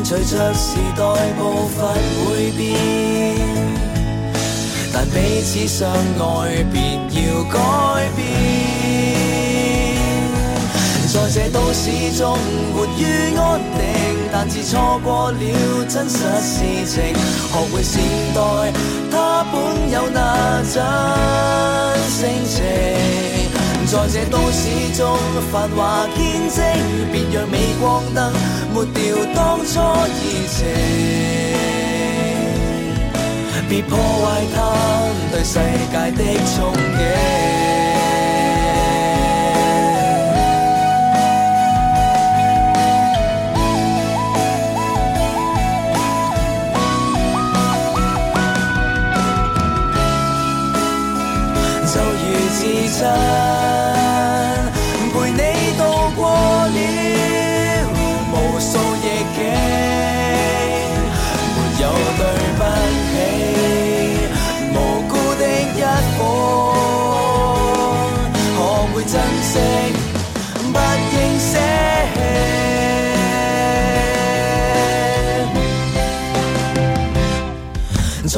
隨着時代步伐會變。但彼此相愛，別要改變。在這都市中，活於安定，但自錯過了真實事情，學會善待他本有那真性情。在這都市中，繁華見證，別讓美光燈抹掉當初熱情。別破壞它對世界的憧憬， 就如自殺。